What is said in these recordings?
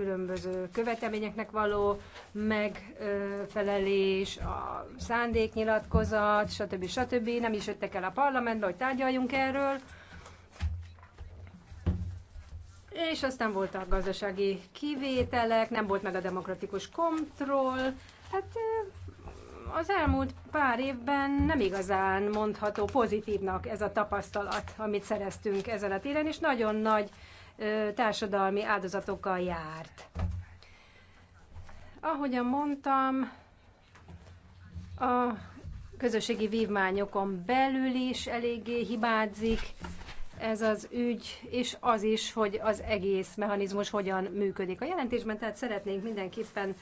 különböző követelményeknek való megfelelés, a szándéknyilatkozat, stb. stb. Nem is jöttek el a parlamentbe, hogy tárgyaljunk erről. És aztán voltak gazdasági kivételek, nem volt meg a demokratikus kontroll. Hát az elmúlt pár évben nem igazán mondható pozitívnak ez a tapasztalat, amit szereztünk ezen a téren, és nagyon nagy társadalmi áldozatokkal járt. Ahogyan mondtam, a közösségi vívmányokon belül is eléggé hibázik ez az ügy, és az is, hogy az egész mechanizmus hogyan működik. A jelentésben tehát szeretnénk mindenképpen,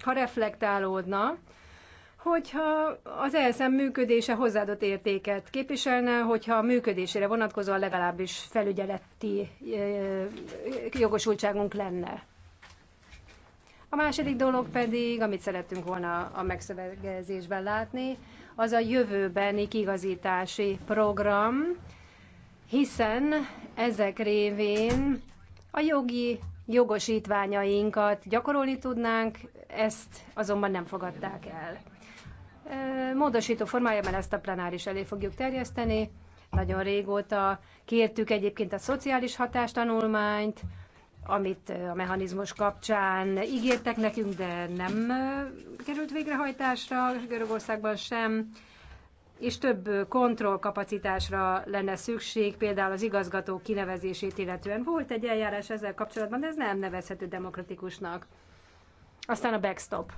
ha reflektálódna, hogyha az ELSZEM működése hozzáadott értéket képviselne, hogyha a működésére vonatkozóan legalábbis felügyeleti jogosultságunk lenne. A második dolog pedig, amit szerettünk volna a megszövegezésben látni, az a jövőbeni kigazítási program, hiszen ezek révén a jogi jogosítványainkat gyakorolni tudnánk, ezt azonban nem fogadták el módosító formájában ezt a plenáris elé fogjuk terjeszteni. Nagyon régóta kértük egyébként a szociális hatástanulmányt, amit a mechanizmus kapcsán ígértek nekünk, de nem került végrehajtásra Görögországban sem, és több kontrollkapacitásra lenne szükség, például az igazgató kinevezését illetően. Volt egy eljárás ezzel kapcsolatban, de ez nem nevezhető demokratikusnak. Aztán a backstop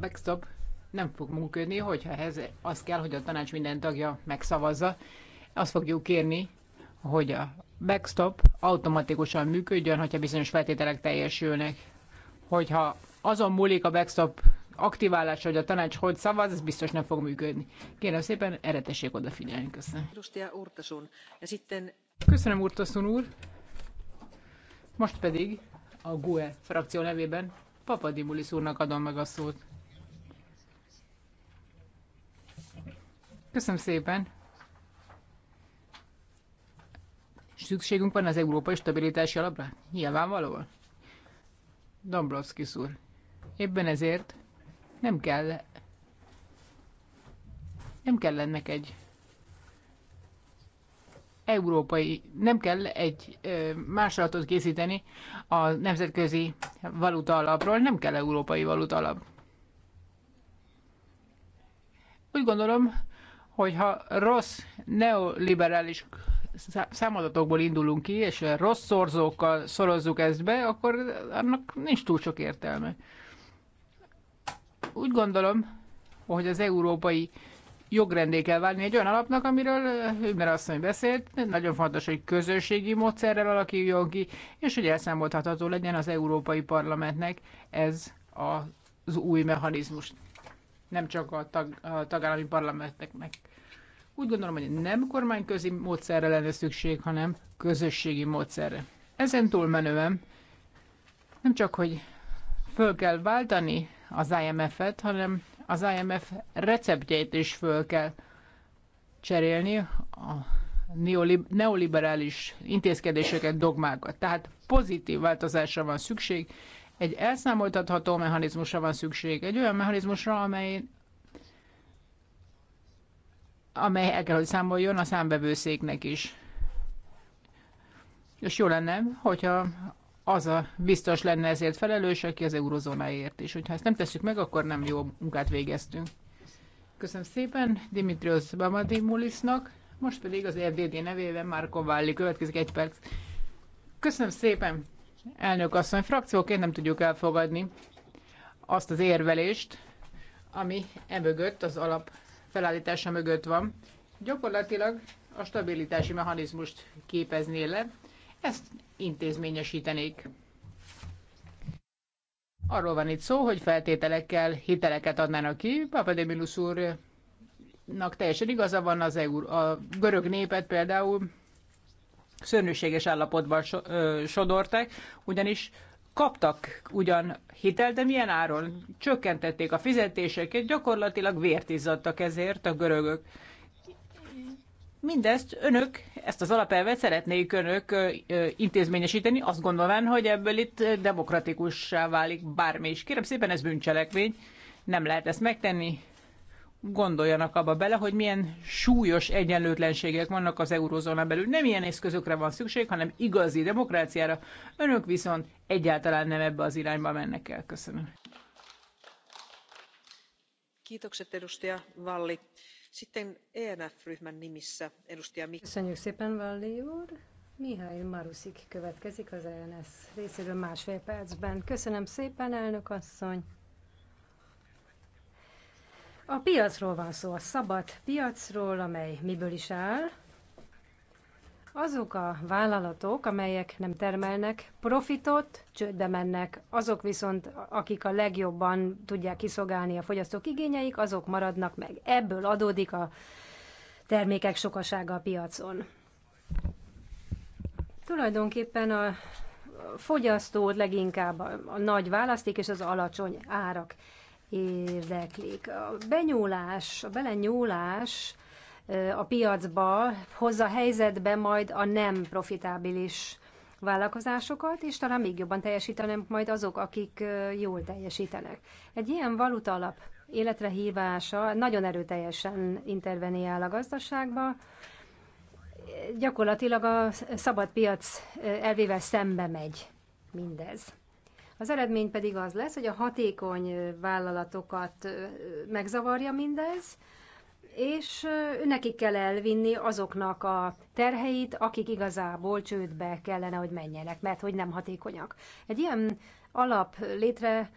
backstop nem fog működni, hogyha ez az kell, hogy a tanács minden tagja megszavazza. Azt fogjuk kérni, hogy a backstop automatikusan működjön, hogyha bizonyos feltételek teljesülnek. Hogyha azon múlik a backstop aktiválása, hogy a tanács hogy szavaz, ez biztos nem fog működni. Kérem szépen, erre tessék odafigyelni. Köszönöm. Köszönöm, Urtasun úr. Most pedig a GUE frakció nevében Papadimulis úrnak adom meg a szót. Köszönöm szépen. Szükségünk van az európai stabilitási alapra? Nyilvánvalóan. Dombrovski úr. Éppen ezért nem kell nem kell ennek egy európai, nem kell egy másolatot készíteni a nemzetközi valuta alapról, nem kell európai valuta alap. Úgy gondolom, hogyha rossz neoliberális számadatokból indulunk ki, és rossz szorzókkal szorozzuk ezt be, akkor annak nincs túl sok értelme. Úgy gondolom, hogy az európai jogrendé kell válni egy olyan alapnak, amiről Hübner asszony beszélt. Nagyon fontos, hogy közösségi módszerrel alakuljon ki, és hogy elszámoltatható legyen az Európai Parlamentnek ez az új mechanizmus nem csak a, tag, a tagállami parlamenteknek. Úgy gondolom, hogy nem kormányközi módszerre lenne szükség, hanem közösségi módszerre. Ezen túlmenően nem csak, hogy föl kell váltani az IMF-et, hanem az IMF receptjeit is föl kell cserélni a neoliberális intézkedéseket, dogmákat. Tehát pozitív változásra van szükség, egy elszámoltatható mechanizmusra van szükség, egy olyan mechanizmusra, amely amely el kell, hogy számoljon a számbevőszéknek is. És jó lenne, hogyha az a biztos lenne ezért felelős, aki az eurozónáért is. Hogyha ezt nem tesszük meg, akkor nem jó munkát végeztünk. Köszönöm szépen Dimitrios Bamadimulisnak, most pedig az FDD nevében Marko Valli következik egy perc. Köszönöm szépen! Elnök asszony, frakcióként nem tudjuk elfogadni azt az érvelést, ami e mögött, az alap felállítása mögött van. Gyakorlatilag a stabilitási mechanizmust képezné le, ezt intézményesítenék. Arról van itt szó, hogy feltételekkel hiteleket adnának ki. Papademilus úrnak teljesen igaza van az EU, a görög népet például szörnyűséges állapotban so, ö, sodortak, ugyanis kaptak ugyan hitelt, de milyen áron csökkentették a fizetéseket, gyakorlatilag vért izzadtak ezért a görögök. Mindezt önök, ezt az alapelvet szeretnék önök intézményesíteni, azt gondolván, hogy ebből itt demokratikussá válik bármi is. Kérem szépen, ez bűncselekmény, nem lehet ezt megtenni, gondoljanak abba bele, hogy milyen súlyos egyenlőtlenségek vannak az eurózóna belül. Nem ilyen eszközökre van szükség, hanem igazi demokráciára. Önök viszont egyáltalán nem ebbe az irányba mennek el. Köszönöm. Kiitokset edustaja Valli. Sitten ENF-ryhmän nimissä edustaja Mik- Köszönjük szépen, Valli úr. Mihály Maruszik következik az ENS részéről másfél percben. Köszönöm szépen, elnök asszony. A piacról van szó, a szabad piacról, amely miből is áll. Azok a vállalatok, amelyek nem termelnek profitot, csődbe mennek, azok viszont, akik a legjobban tudják kiszolgálni a fogyasztók igényeik, azok maradnak meg. Ebből adódik a termékek sokasága a piacon. Tulajdonképpen a fogyasztót leginkább a nagy választék és az alacsony árak érdeklik. A benyúlás, a belenyúlás a piacba hozza helyzetbe majd a nem profitábilis vállalkozásokat, és talán még jobban teljesítenek majd azok, akik jól teljesítenek. Egy ilyen valuta alap életre hívása nagyon erőteljesen interveniál a gazdaságba, gyakorlatilag a szabad piac elvével szembe megy mindez. Az eredmény pedig az lesz, hogy a hatékony vállalatokat megzavarja mindez, és nekik kell elvinni azoknak a terheit, akik igazából csődbe kellene, hogy menjenek, mert hogy nem hatékonyak. Egy ilyen alap létre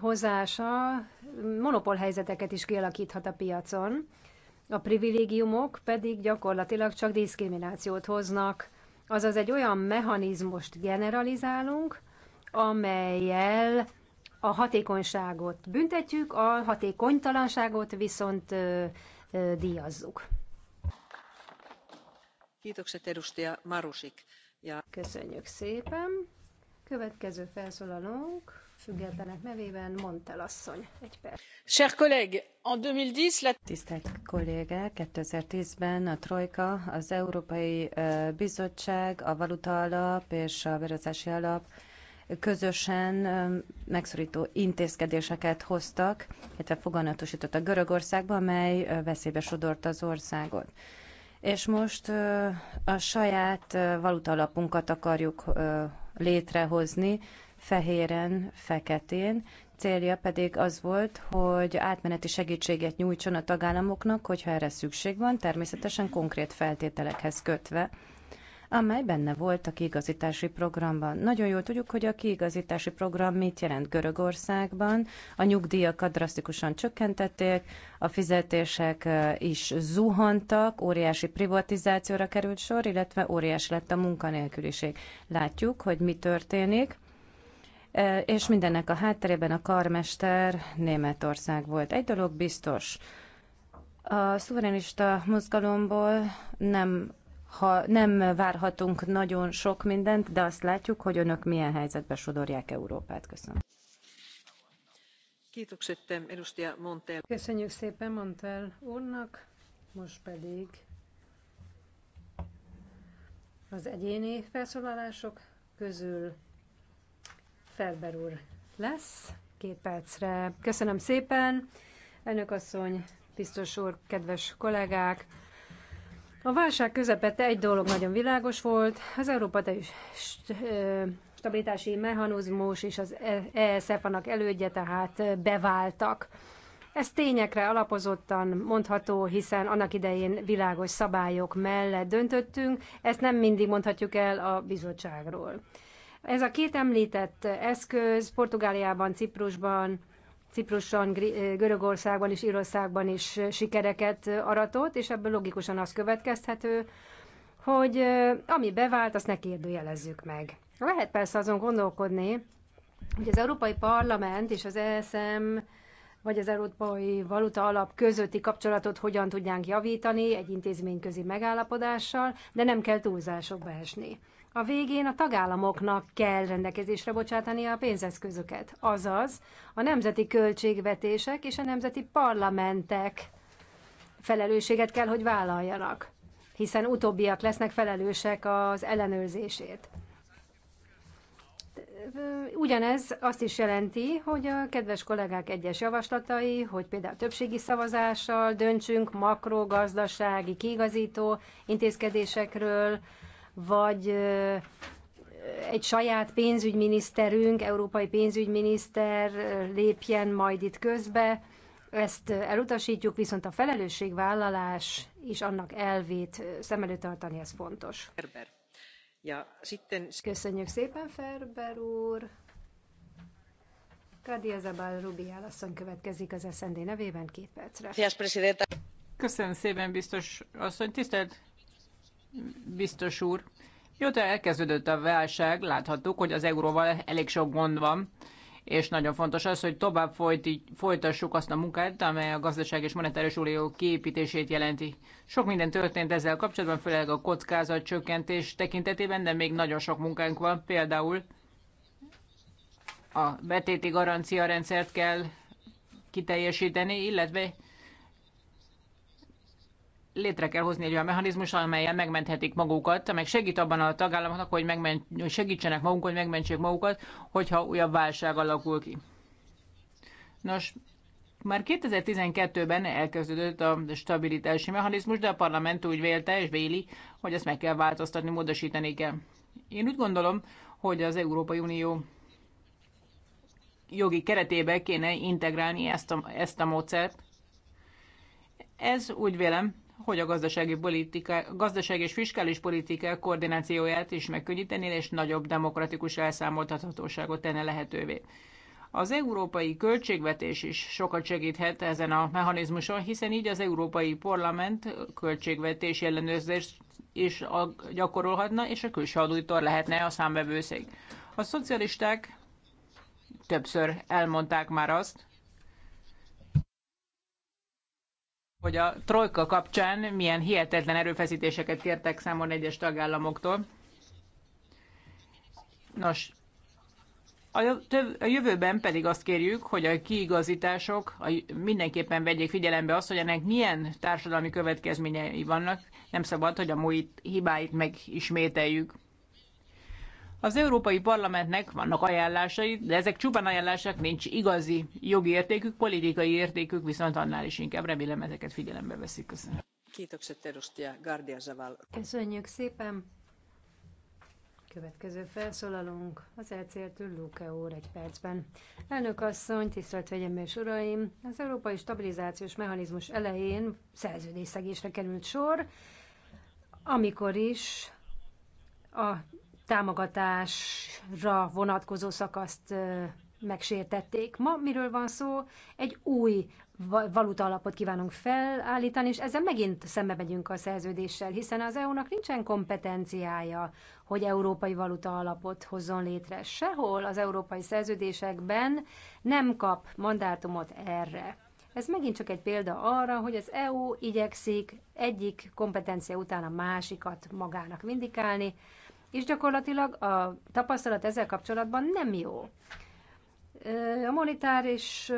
hozása monopólhelyzeteket is kialakíthat a piacon, a privilégiumok pedig gyakorlatilag csak diszkriminációt hoznak, azaz egy olyan mechanizmust generalizálunk, amelyel a hatékonyságot büntetjük, a hatékonytalanságot viszont ö, ö, díjazzuk. Köszönjük szépen. Következő felszólalónk függetlenek nevében Montel asszony. Egy perc. Cher collègue, en 2010 la... Tisztelt kollége, 2010-ben a Trojka, az Európai Bizottság, a Valuta Alap és a Beruházási Alap közösen megszorító intézkedéseket hoztak, illetve foganatosítottak Görögországba, amely veszélybe sodort az országot. És most a saját valutalapunkat akarjuk létrehozni, fehéren, feketén. Célja pedig az volt, hogy átmeneti segítséget nyújtson a tagállamoknak, hogyha erre szükség van, természetesen konkrét feltételekhez kötve amely benne volt a kiigazítási programban. Nagyon jól tudjuk, hogy a kiigazítási program mit jelent Görögországban. A nyugdíjakat drasztikusan csökkentették, a fizetések is zuhantak, óriási privatizációra került sor, illetve óriási lett a munkanélküliség. Látjuk, hogy mi történik. És mindennek a hátterében a karmester Németország volt. Egy dolog biztos, a szuverenista mozgalomból nem ha nem várhatunk nagyon sok mindent, de azt látjuk, hogy önök milyen helyzetbe sodorják Európát. Köszönöm. Köszönjük szépen Montel úrnak, most pedig az egyéni felszólalások közül Ferber úr lesz két percre. Köszönöm szépen, elnök asszony, biztos úr, kedves kollégák! A válság közepette egy dolog nagyon világos volt, az Európai Stabilitási Mechanizmus és az esf annak elődje tehát beváltak. Ez tényekre alapozottan mondható, hiszen annak idején világos szabályok mellett döntöttünk, ezt nem mindig mondhatjuk el a bizottságról. Ez a két említett eszköz Portugáliában, Ciprusban Cipruson, eh, Görögországban és Írországban is eh, sikereket eh, aratott, és ebből logikusan az következthető, hogy ami bevált, azt ne kérdőjelezzük meg. Lehet persze azon gondolkodni, hogy az Európai Parlament és az ESM vagy az Európai Valuta Alap közötti kapcsolatot hogyan tudnánk javítani egy intézményközi megállapodással, de nem kell túlzásokba esni a végén a tagállamoknak kell rendelkezésre bocsátani a pénzeszközöket, azaz a nemzeti költségvetések és a nemzeti parlamentek felelősséget kell, hogy vállaljanak, hiszen utóbbiak lesznek felelősek az ellenőrzését. Ugyanez azt is jelenti, hogy a kedves kollégák egyes javaslatai, hogy például többségi szavazással döntsünk makrogazdasági kiigazító intézkedésekről, vagy egy saját pénzügyminiszterünk, európai pénzügyminiszter lépjen majd itt közbe. Ezt elutasítjuk, viszont a felelősségvállalás és annak elvét szem előtt tartani, ez fontos. Ferber. Ja, sitten... Köszönjük szépen, Ferber úr! Kadia Zabal Rubial asszony következik az SND nevében két percre. Köszönöm szépen, biztos asszony. Tisztelt biztos úr. Mióta elkezdődött a válság, láthattuk, hogy az euróval elég sok gond van, és nagyon fontos az, hogy tovább folytassuk azt a munkát, amely a gazdaság és monetáris unió kiépítését jelenti. Sok minden történt ezzel kapcsolatban, főleg a kockázat csökkentés tekintetében, de még nagyon sok munkánk van, például a betéti garancia rendszert kell kiteljesíteni, illetve létre kell hozni egy olyan mechanizmus, amelyen megmenthetik magukat, meg segít abban a tagállamoknak, hogy, megment, hogy segítsenek magunkon, hogy megmentsék magukat, hogyha újabb válság alakul ki. Nos, már 2012-ben elkezdődött a stabilitási mechanizmus, de a parlament úgy vélte és véli, hogy ezt meg kell változtatni, módosítani kell. Én úgy gondolom, hogy az Európai Unió jogi keretébe kéne integrálni ezt a, ezt a módszert. Ez úgy vélem, hogy a gazdasági, politika, gazdasági és fiskális politika koordinációját is megkönnyíteni, és nagyobb demokratikus elszámoltathatóságot tenne lehetővé. Az európai költségvetés is sokat segíthet ezen a mechanizmuson, hiszen így az Európai Parlament költségvetés ellenőrzést is gyakorolhatna, és a külső adóitor lehetne a számbevőszék. A szocialisták többször elmondták már azt, hogy a trojka kapcsán milyen hihetetlen erőfeszítéseket kértek számon egyes tagállamoktól. Nos, a jövőben pedig azt kérjük, hogy a kiigazítások mindenképpen vegyék figyelembe azt, hogy ennek milyen társadalmi következményei vannak. Nem szabad, hogy a múlt hibáit megismételjük. Az Európai Parlamentnek vannak ajánlásai, de ezek csupán ajánlások, nincs igazi jogi értékük, politikai értékük, viszont annál is inkább remélem ezeket figyelembe veszik. Köszönöm. Köszönjük szépen. Következő felszólalunk az elcértől Luke úr egy percben. Elnök asszony, tisztelt Hölgyeim és Uraim! Az Európai Stabilizációs Mechanizmus elején szerződésszegésre került sor, amikor is a támogatásra vonatkozó szakaszt megsértették. Ma miről van szó? Egy új alapot kívánunk felállítani, és ezzel megint szembe megyünk a szerződéssel, hiszen az EU-nak nincsen kompetenciája, hogy európai alapot hozzon létre. Sehol az európai szerződésekben nem kap mandátumot erre. Ez megint csak egy példa arra, hogy az EU igyekszik egyik kompetencia után a másikat magának vindikálni, és gyakorlatilag a tapasztalat ezzel kapcsolatban nem jó. A monetáris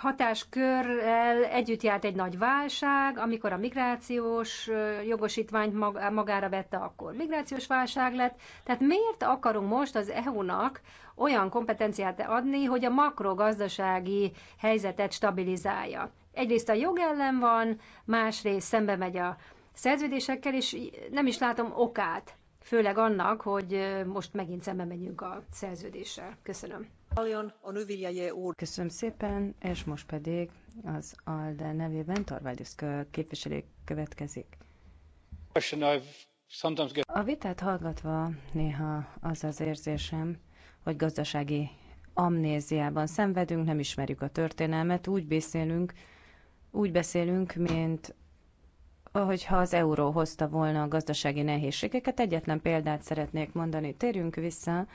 hatáskörrel együtt járt egy nagy válság, amikor a migrációs jogosítványt magára vette, akkor migrációs válság lett. Tehát miért akarunk most az EU-nak olyan kompetenciát adni, hogy a makrogazdasági helyzetet stabilizálja? Egyrészt a jog ellen van, másrészt szembe megy a szerződésekkel, és nem is látom okát, főleg annak, hogy most megint szembe megyünk a szerződéssel. Köszönöm. Köszönöm szépen, és most pedig az ALDE nevében Tarváldusz képviselő következik. A vitát hallgatva néha az az érzésem, hogy gazdasági amnéziában szenvedünk, nem ismerjük a történelmet, úgy beszélünk, úgy beszélünk, mint hogyha az euró hozta volna a gazdasági nehézségeket. Egyetlen példát szeretnék mondani. Térjünk vissza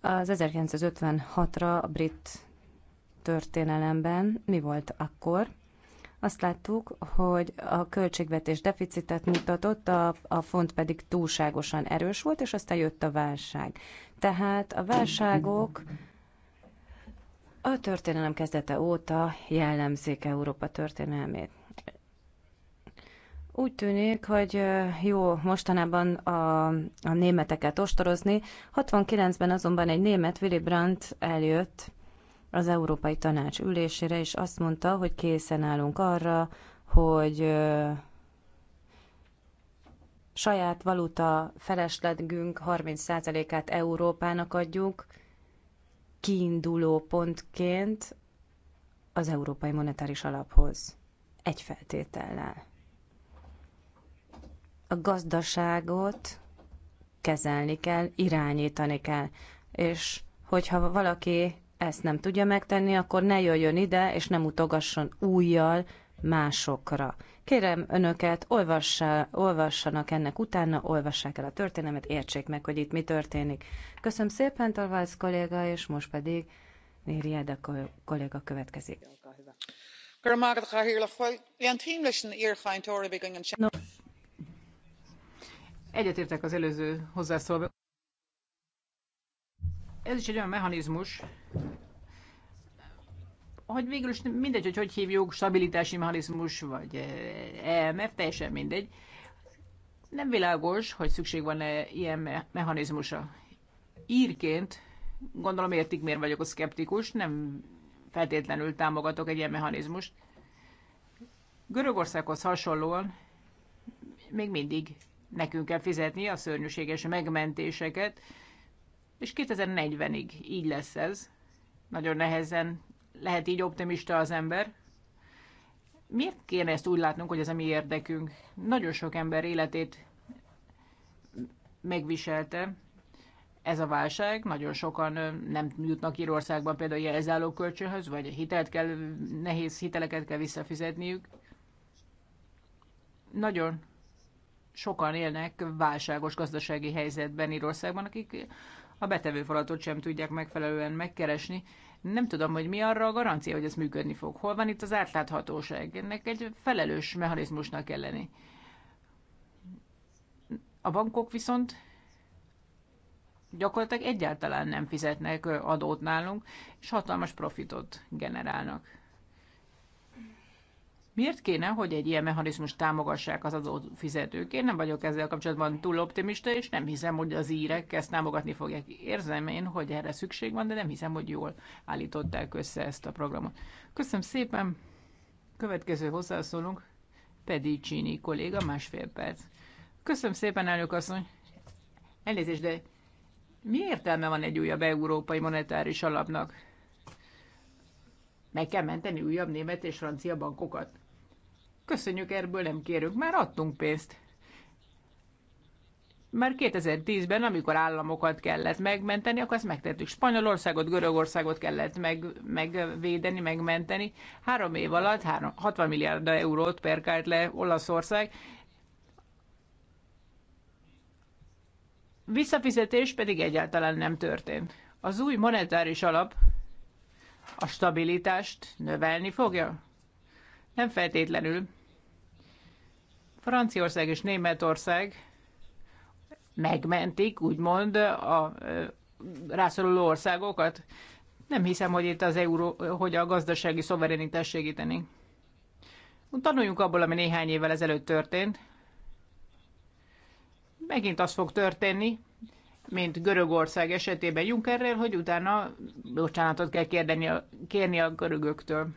az 1956-ra a brit történelemben. Mi volt akkor? Azt láttuk, hogy a költségvetés deficitet mutatott, a, a font pedig túlságosan erős volt, és aztán jött a válság. Tehát a válságok a történelem kezdete óta jellemzik Európa történelmét. Úgy tűnik, hogy jó mostanában a, a németeket ostorozni. 69-ben azonban egy német Willy Brandt eljött az Európai Tanács ülésére, és azt mondta, hogy készen állunk arra, hogy saját valuta feleslegünk 30%-át Európának adjuk kiinduló pontként az Európai Monetáris Alaphoz. Egy feltétellel. A gazdaságot kezelni kell, irányítani kell. És hogyha valaki ezt nem tudja megtenni, akkor ne jöjjön ide, és nem utogasson újjal másokra. Kérem önöket, olvassa, olvassanak ennek utána, olvassák el a történelmet, értsék meg, hogy itt mi történik. Köszönöm szépen, Talvász kolléga, és most pedig Néri Eda kolléga következik. No. Egyetértek az előző hozzászólva. Ez is egy olyan mechanizmus, hogy végül is mindegy, hogy hogy hívjuk, stabilitási mechanizmus, vagy EMF, eh, e teljesen mindegy. Nem világos, hogy szükség van -e ilyen mechanizmusa. Írként, gondolom értik, miért vagyok a szkeptikus, nem feltétlenül támogatok egy ilyen mechanizmust. Görögországhoz hasonlóan még mindig nekünk kell fizetni a szörnyűséges megmentéseket, és 2040-ig így lesz ez. Nagyon nehezen lehet így optimista az ember. Miért kéne ezt úgy látnunk, hogy ez a mi érdekünk? Nagyon sok ember életét megviselte ez a válság. Nagyon sokan nem jutnak Írországban például jelzáló kölcsönhöz, vagy hitelt kell, nehéz hiteleket kell visszafizetniük. Nagyon sokan élnek válságos gazdasági helyzetben Írországban, akik a betevőfalatot sem tudják megfelelően megkeresni. Nem tudom, hogy mi arra a garancia, hogy ez működni fog. Hol van itt az átláthatóság? Ennek egy felelős mechanizmusnak kell lenni. A bankok viszont gyakorlatilag egyáltalán nem fizetnek adót nálunk, és hatalmas profitot generálnak. Miért kéne, hogy egy ilyen mechanizmus támogassák az adófizetők? Én nem vagyok ezzel kapcsolatban túl optimista, és nem hiszem, hogy az írek ezt támogatni fogják. Érzem én, hogy erre szükség van, de nem hiszem, hogy jól állították össze ezt a programot. Köszönöm szépen. Következő hozzászólunk, Csini kolléga, másfél perc. Köszönöm szépen, elnök asszony. Elnézést, de mi értelme van egy újabb európai monetáris alapnak? meg kell menteni újabb német és francia bankokat. Köszönjük, erből, nem kérünk, már adtunk pénzt. Már 2010-ben, amikor államokat kellett megmenteni, akkor ezt megtettük. Spanyolországot, Görögországot kellett meg, megvédeni, megmenteni. Három év alatt három, 60 milliárd eurót perkált le Olaszország. Visszafizetés pedig egyáltalán nem történt. Az új monetáris alap a stabilitást növelni fogja? Nem feltétlenül. Franciaország és Németország megmentik, úgymond, a rászoruló országokat. Nem hiszem, hogy itt az euró, hogy a gazdasági szoverenitás segíteni. Tanuljunk abból, ami néhány évvel ezelőtt történt. Megint az fog történni, mint Görögország esetében Junckerrel, hogy utána bocsánatot kell kérdeni a, kérni a görögöktől.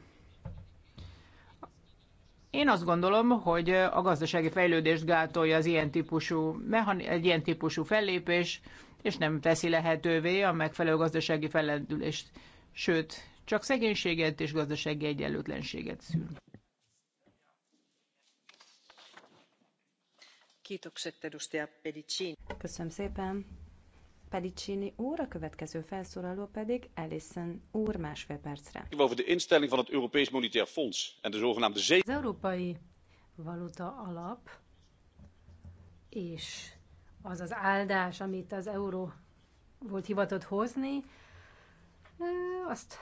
Én azt gondolom, hogy a gazdasági fejlődést gátolja az ilyen típusú, egy ilyen típusú fellépés, és nem teszi lehetővé a megfelelő gazdasági fellendülést, sőt, csak szegénységet és gazdasági egyenlőtlenséget szül. Köszönöm szépen. Pedicini úr, a következő felszólaló pedig Ellison úr másfél percre. Over de instelling van het Europees Monetair Fonds en de zogenaamde zee... Az Európai Valuta Alap és az az áldás, amit az euró volt hivatott hozni, azt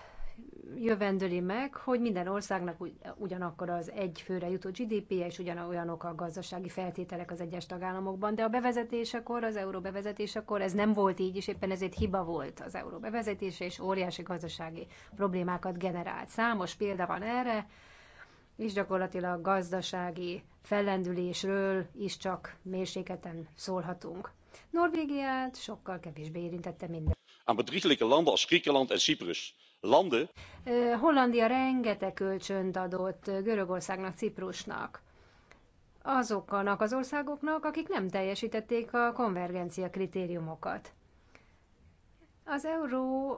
jövendőli meg, hogy minden országnak ugyanakkor az egy főre jutó GDP-je és ugyanolyanok a gazdasági feltételek az egyes tagállamokban, de a bevezetésekor, az euró bevezetésekor ez nem volt így, és éppen ezért hiba volt az euró bevezetése, és óriási gazdasági problémákat generált. Számos példa van erre, és gyakorlatilag gazdasági fellendülésről is csak mérséketen szólhatunk. Norvégiát sokkal kevésbé érintette minden. Aan bedriegelijke landen als Griekenland en Cyprus landen. Hollandia rengeteg kölcsönt adott Görögországnak, Ciprusnak. Azoknak az országoknak, akik nem teljesítették a konvergencia kritériumokat. Az euró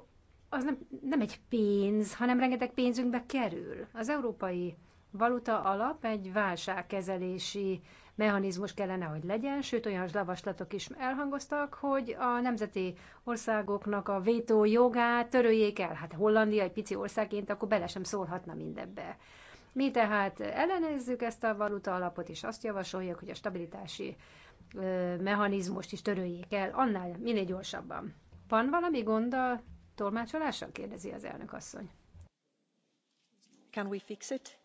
az nem, nem egy pénz, hanem rengeteg pénzünkbe kerül. Az európai valuta alap egy válságkezelési mechanizmus kellene, hogy legyen, sőt olyan javaslatok is elhangoztak, hogy a nemzeti országoknak a vétó jogát töröljék el. Hát Hollandia egy pici országként akkor bele sem szólhatna mindebbe. Mi tehát ellenezzük ezt a valuta alapot, és azt javasoljuk, hogy a stabilitási mechanizmust is töröljék el, annál minél gyorsabban. Van valami gond a tolmácsolással? kérdezi az elnök asszony. Can we fix it?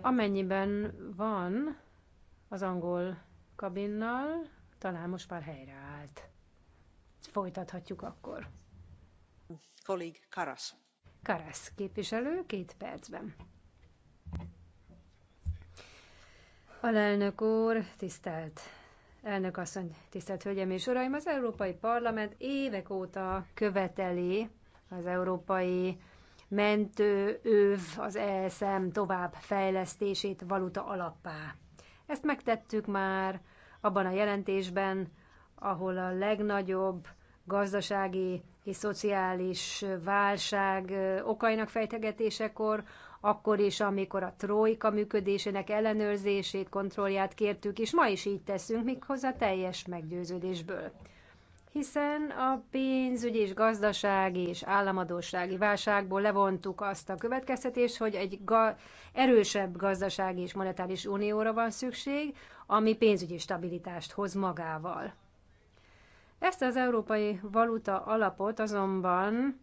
Amennyiben van az angol kabinnal, talán most már helyreállt. Folytathatjuk akkor. Kollég Karasz. Karasz képviselő, két percben. Alelnök úr, tisztelt elnök asszony, tisztelt hölgyem és uraim, az Európai Parlament évek óta követeli az európai mentő az ESM tovább fejlesztését valuta alappá. Ezt megtettük már abban a jelentésben, ahol a legnagyobb gazdasági és szociális válság okainak fejtegetésekor, akkor is, amikor a trojka működésének ellenőrzését, kontrollját kértük, és ma is így teszünk, méghozzá teljes meggyőződésből hiszen a pénzügyi és gazdasági és államadósági válságból levontuk azt a következtetést, hogy egy ga- erősebb gazdasági és monetáris unióra van szükség, ami pénzügyi stabilitást hoz magával. Ezt az európai valuta alapot azonban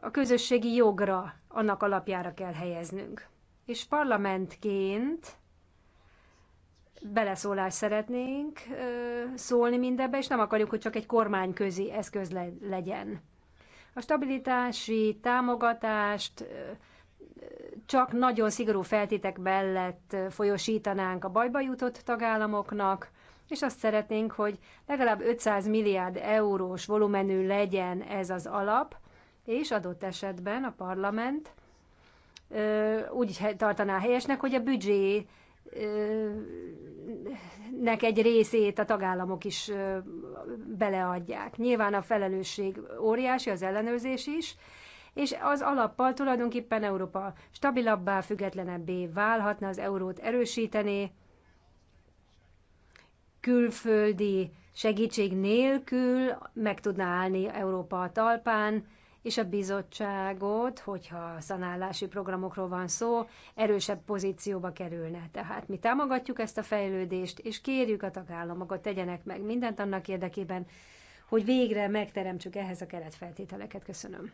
a közösségi jogra, annak alapjára kell helyeznünk. És parlamentként beleszólást szeretnénk szólni mindebbe, és nem akarjuk, hogy csak egy kormányközi eszköz legyen. A stabilitási támogatást csak nagyon szigorú feltétek mellett folyosítanánk a bajba jutott tagállamoknak, és azt szeretnénk, hogy legalább 500 milliárd eurós volumenű legyen ez az alap, és adott esetben a parlament úgy tartaná helyesnek, hogy a büdzsé nek egy részét a tagállamok is beleadják. Nyilván a felelősség óriási, az ellenőrzés is, és az alappal tulajdonképpen Európa stabilabbá, függetlenebbé válhatna, az eurót erősítené, külföldi segítség nélkül meg tudná állni Európa a talpán, és a bizottságot, hogyha szanálási programokról van szó, erősebb pozícióba kerülne. Tehát mi támogatjuk ezt a fejlődést, és kérjük a tagállamokat, tegyenek meg mindent annak érdekében, hogy végre megteremtsük ehhez a keretfeltételeket. Köszönöm.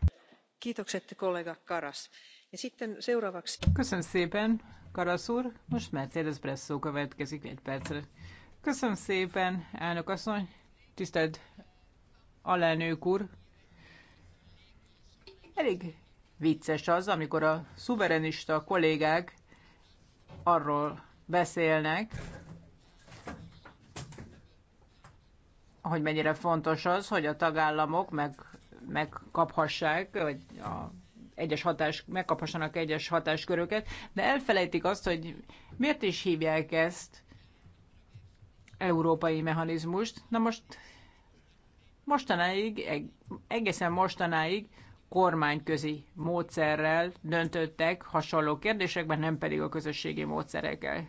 Kiitokset kollega Karas. És sitten seuraavaksi... Köszönöm szépen, Karasz úr. Most Cérez Bresszó következik egy percre. Köszönöm szépen, elnök asszony, tisztelt alelnök úr, Elég vicces az, amikor a szuverenista kollégák arról beszélnek, hogy mennyire fontos az, hogy a tagállamok meg, megkaphassák, vagy a egyes hatás, megkaphassanak egyes hatásköröket, de elfelejtik azt, hogy miért is hívják ezt európai mechanizmust. Na most mostanáig, egészen mostanáig kormányközi módszerrel döntöttek hasonló kérdésekben, nem pedig a közösségi módszerekkel.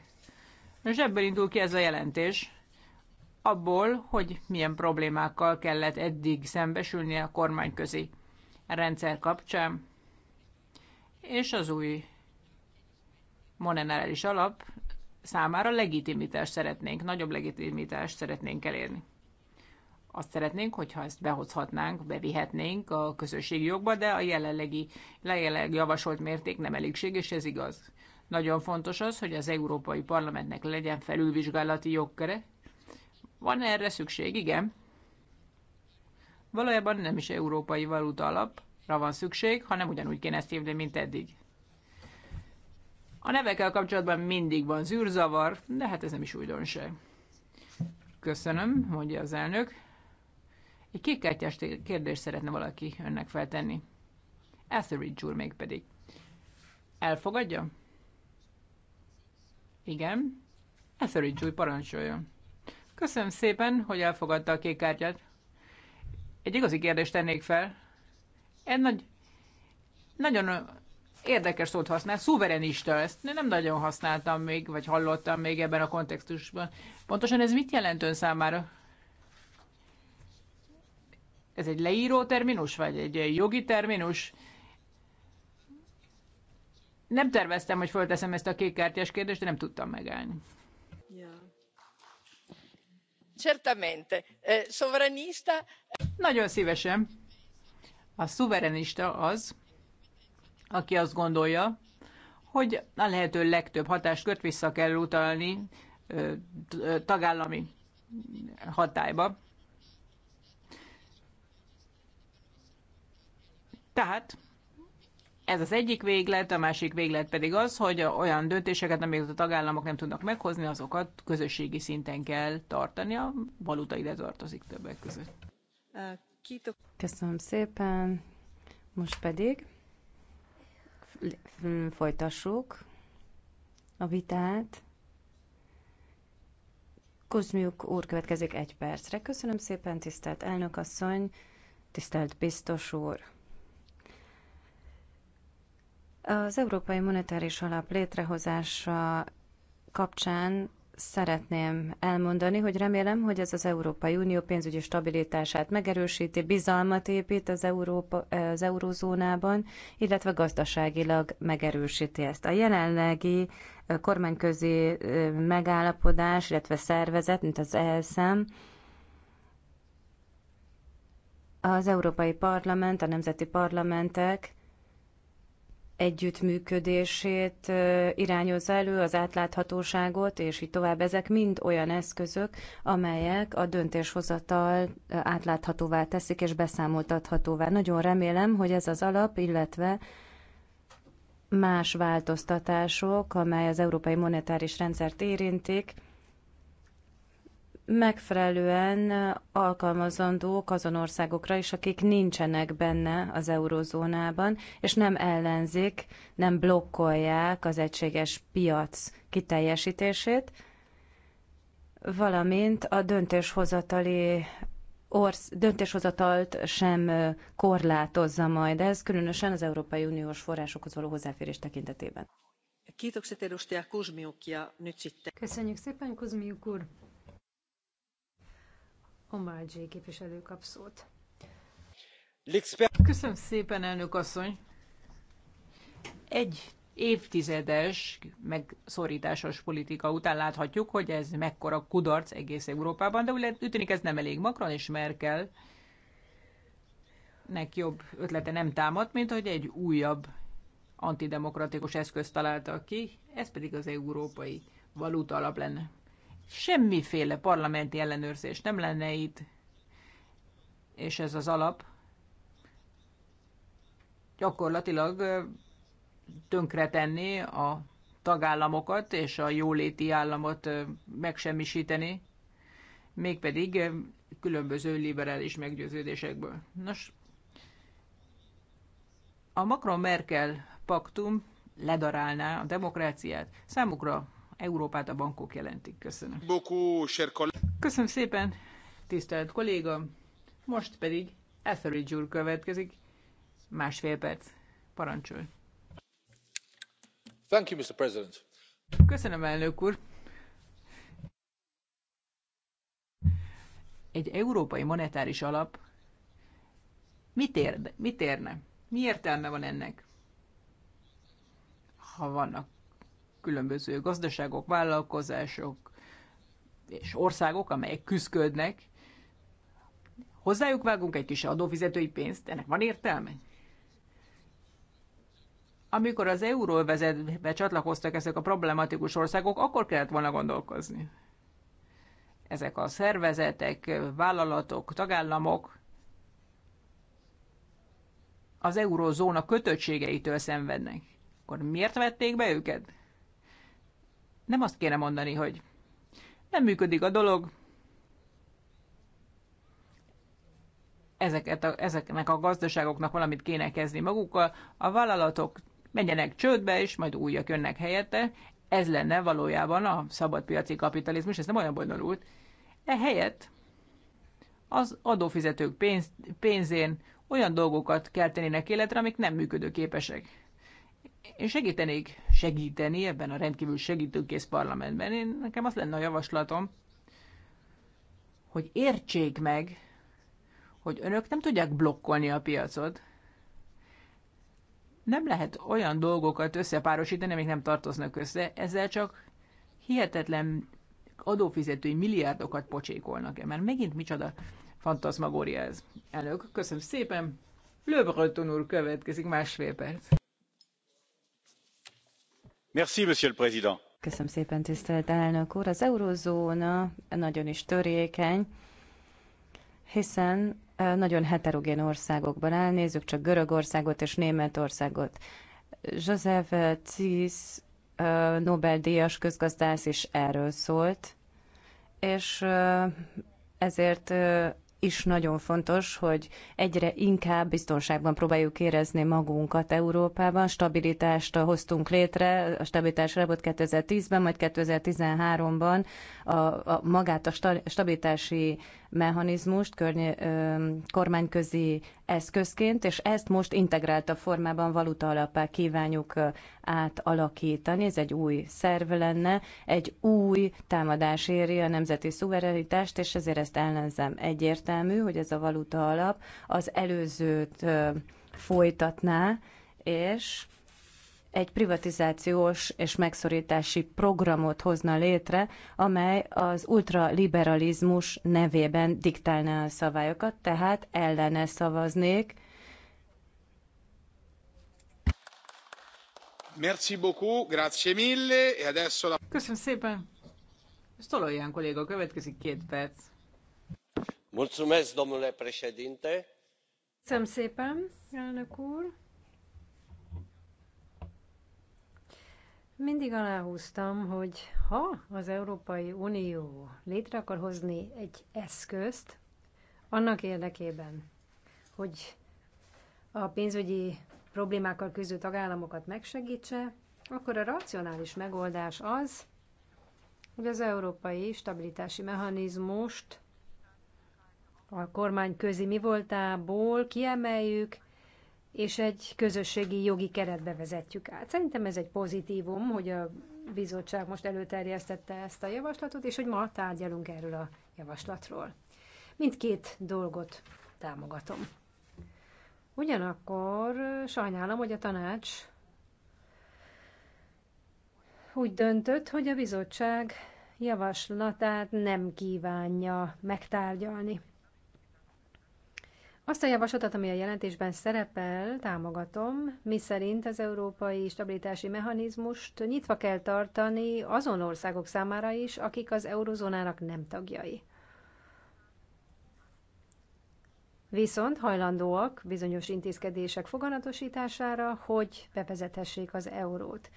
És ebből indul ki ez a jelentés, abból, hogy milyen problémákkal kellett eddig szembesülni a kormányközi rendszer kapcsán, és az új monetáris alap számára legitimitást szeretnénk, nagyobb legitimitást szeretnénk elérni. Azt szeretnénk, hogyha ezt behozhatnánk, bevihetnénk a közösségi jogba, de a jelenlegi, jelenleg javasolt mérték nem és ez igaz. Nagyon fontos az, hogy az Európai Parlamentnek legyen felülvizsgálati jogkere. Van erre szükség? Igen. Valójában nem is európai valuta alapra van szükség, hanem ugyanúgy kéne ezt hívni, mint eddig. A nevekkel kapcsolatban mindig van zűrzavar, de hát ez nem is újdonság. Köszönöm, mondja az elnök. Egy kékkártyás kérdést szeretne valaki önnek feltenni. Etheridge úr még pedig. Elfogadja? Igen. Etheridge úr parancsoljon. Köszönöm szépen, hogy elfogadta a kék kártyát. Egy igazi kérdést tennék fel. Egy nagy, nagyon érdekes szót használ, szuverenista, ezt nem nagyon használtam még, vagy hallottam még ebben a kontextusban. Pontosan ez mit jelent ön számára? Ez egy leíró terminus, vagy egy jogi terminus? Nem terveztem, hogy fölteszem ezt a kékkártyás kérdést, de nem tudtam megállni. Certamente. Eh, sovranista... Nagyon szívesen. A szuverenista az, aki azt gondolja, hogy a lehető legtöbb hatáskört vissza kell utalni eh, eh, tagállami hatályba. Tehát ez az egyik véglet, a másik véglet pedig az, hogy olyan döntéseket, amiket a tagállamok nem tudnak meghozni, azokat közösségi szinten kell tartani, a valuta ide tartozik többek között. Köszönöm szépen. Most pedig folytassuk a vitát. Kozmiuk úr következik egy percre. Köszönöm szépen, tisztelt elnök asszony, tisztelt biztos úr. Az Európai Monetáris Alap létrehozása kapcsán szeretném elmondani, hogy remélem, hogy ez az Európai Unió pénzügyi stabilitását megerősíti, bizalmat épít az, Európa, az eurózónában, illetve gazdaságilag megerősíti ezt. A jelenlegi kormányközi megállapodás, illetve szervezet, mint az ELSZEM, az Európai Parlament, a nemzeti parlamentek együttműködését irányozza elő, az átláthatóságot, és így tovább. Ezek mind olyan eszközök, amelyek a döntéshozatal átláthatóvá teszik és beszámoltathatóvá. Nagyon remélem, hogy ez az alap, illetve más változtatások, amely az európai monetáris rendszert érintik, megfelelően alkalmazandók azon országokra is, akik nincsenek benne az eurozónában, és nem ellenzik, nem blokkolják az egységes piac kiteljesítését, valamint a döntéshozatali orsz, döntéshozatalt sem korlátozza majd ez, különösen az Európai Uniós forrásokhoz való hozzáférés tekintetében. Köszönjük szépen, Kozmiuk úr! Köszönöm szépen, elnök asszony! Egy évtizedes megszorításos politika után láthatjuk, hogy ez mekkora kudarc egész Európában, de úgy tűnik ez nem elég. Macron és Merkel nek jobb ötlete nem támadt, mint hogy egy újabb antidemokratikus eszközt találtak ki, ez pedig az európai valuta alap lenne semmiféle parlamenti ellenőrzés nem lenne itt, és ez az alap gyakorlatilag tönkretenni a tagállamokat és a jóléti államot megsemmisíteni, mégpedig különböző liberális meggyőződésekből. Nos, a Macron-Merkel paktum ledarálná a demokráciát. Számukra Európát a bankok jelentik. Köszönöm. Köszönöm szépen, tisztelt kolléga. Most pedig Etheridge úr következik. Másfél perc. Parancsol. Thank you, Mr. President. Köszönöm, elnök úr. Egy európai monetáris alap mit, érde, mit érne? Mi értelme van ennek? Ha vannak különböző gazdaságok, vállalkozások és országok, amelyek küzdködnek. Hozzájuk vágunk egy kis adófizetői pénzt, ennek van értelme? Amikor az euróvezetbe csatlakoztak ezek a problematikus országok, akkor kellett volna gondolkozni. Ezek a szervezetek, vállalatok, tagállamok az eurózóna kötöttségeitől szenvednek. Akkor miért vették be őket? Nem azt kéne mondani, hogy nem működik a dolog, ezeket a, ezeknek a gazdaságoknak valamit kéne kezdeni magukkal, a vállalatok menjenek csődbe, és majd újak jönnek helyette. Ez lenne valójában a szabadpiaci kapitalizmus, ez nem olyan bonyolult. Ehelyett az adófizetők pénz, pénzén olyan dolgokat keltenének életre, amik nem működőképesek. Én segítenék segíteni ebben a rendkívül segítőkész parlamentben. Én, nekem az lenne a javaslatom, hogy értsék meg, hogy önök nem tudják blokkolni a piacot. Nem lehet olyan dolgokat összepárosítani, amik nem tartoznak össze, ezzel csak hihetetlen adófizetői milliárdokat pocsékolnak. Mert megint micsoda fantazmagória ez. Elnök, köszönöm szépen. Löbröton úr következik másfél perc köszönöm szépen tisztelt elnök úr az eurózóna nagyon is törékeny hiszen nagyon heterogén országokban áll nézzük csak görögországot és németországot joseph cis nobel díjas közgazdász is erről szólt és ezért is nagyon fontos, hogy egyre inkább biztonságban próbáljuk érezni magunkat Európában. Stabilitást hoztunk létre, a stabilitás volt 2010-ben, majd 2013-ban a, a magát a stabilitási mechanizmust környe, ö, kormányközi eszközként, és ezt most integrált a formában valuta alapá kívánjuk átalakítani. Ez egy új szerv lenne, egy új támadás éri a nemzeti szuverenitást, és ezért ezt ellenzem. Egyértelmű, hogy ez a valuta alap az előzőt ö, folytatná, és egy privatizációs és megszorítási programot hozna létre, amely az ultraliberalizmus nevében diktálná a szabályokat, tehát ellene szavaznék. Merci beaucoup, grazie mille, e adesso la... Köszönöm szépen. Stolojan kolléga, következik két perc. Mulțumesc, domnule președinte. Köszönöm szépen, elnök úr. Mindig aláhúztam, hogy ha az Európai Unió létre akar hozni egy eszközt, annak érdekében, hogy a pénzügyi problémákkal küzdő tagállamokat megsegítse, akkor a racionális megoldás az, hogy az európai stabilitási mechanizmust a kormány közi mi voltából kiemeljük, és egy közösségi jogi keretbe vezetjük át. Szerintem ez egy pozitívum, hogy a bizottság most előterjesztette ezt a javaslatot, és hogy ma tárgyalunk erről a javaslatról. Mindkét dolgot támogatom. Ugyanakkor sajnálom, hogy a tanács úgy döntött, hogy a bizottság javaslatát nem kívánja megtárgyalni. Azt a javaslatot, ami a jelentésben szerepel, támogatom, miszerint az európai stabilitási mechanizmust nyitva kell tartani azon országok számára is, akik az eurozónának nem tagjai. Viszont hajlandóak bizonyos intézkedések foganatosítására, hogy bevezethessék az eurót.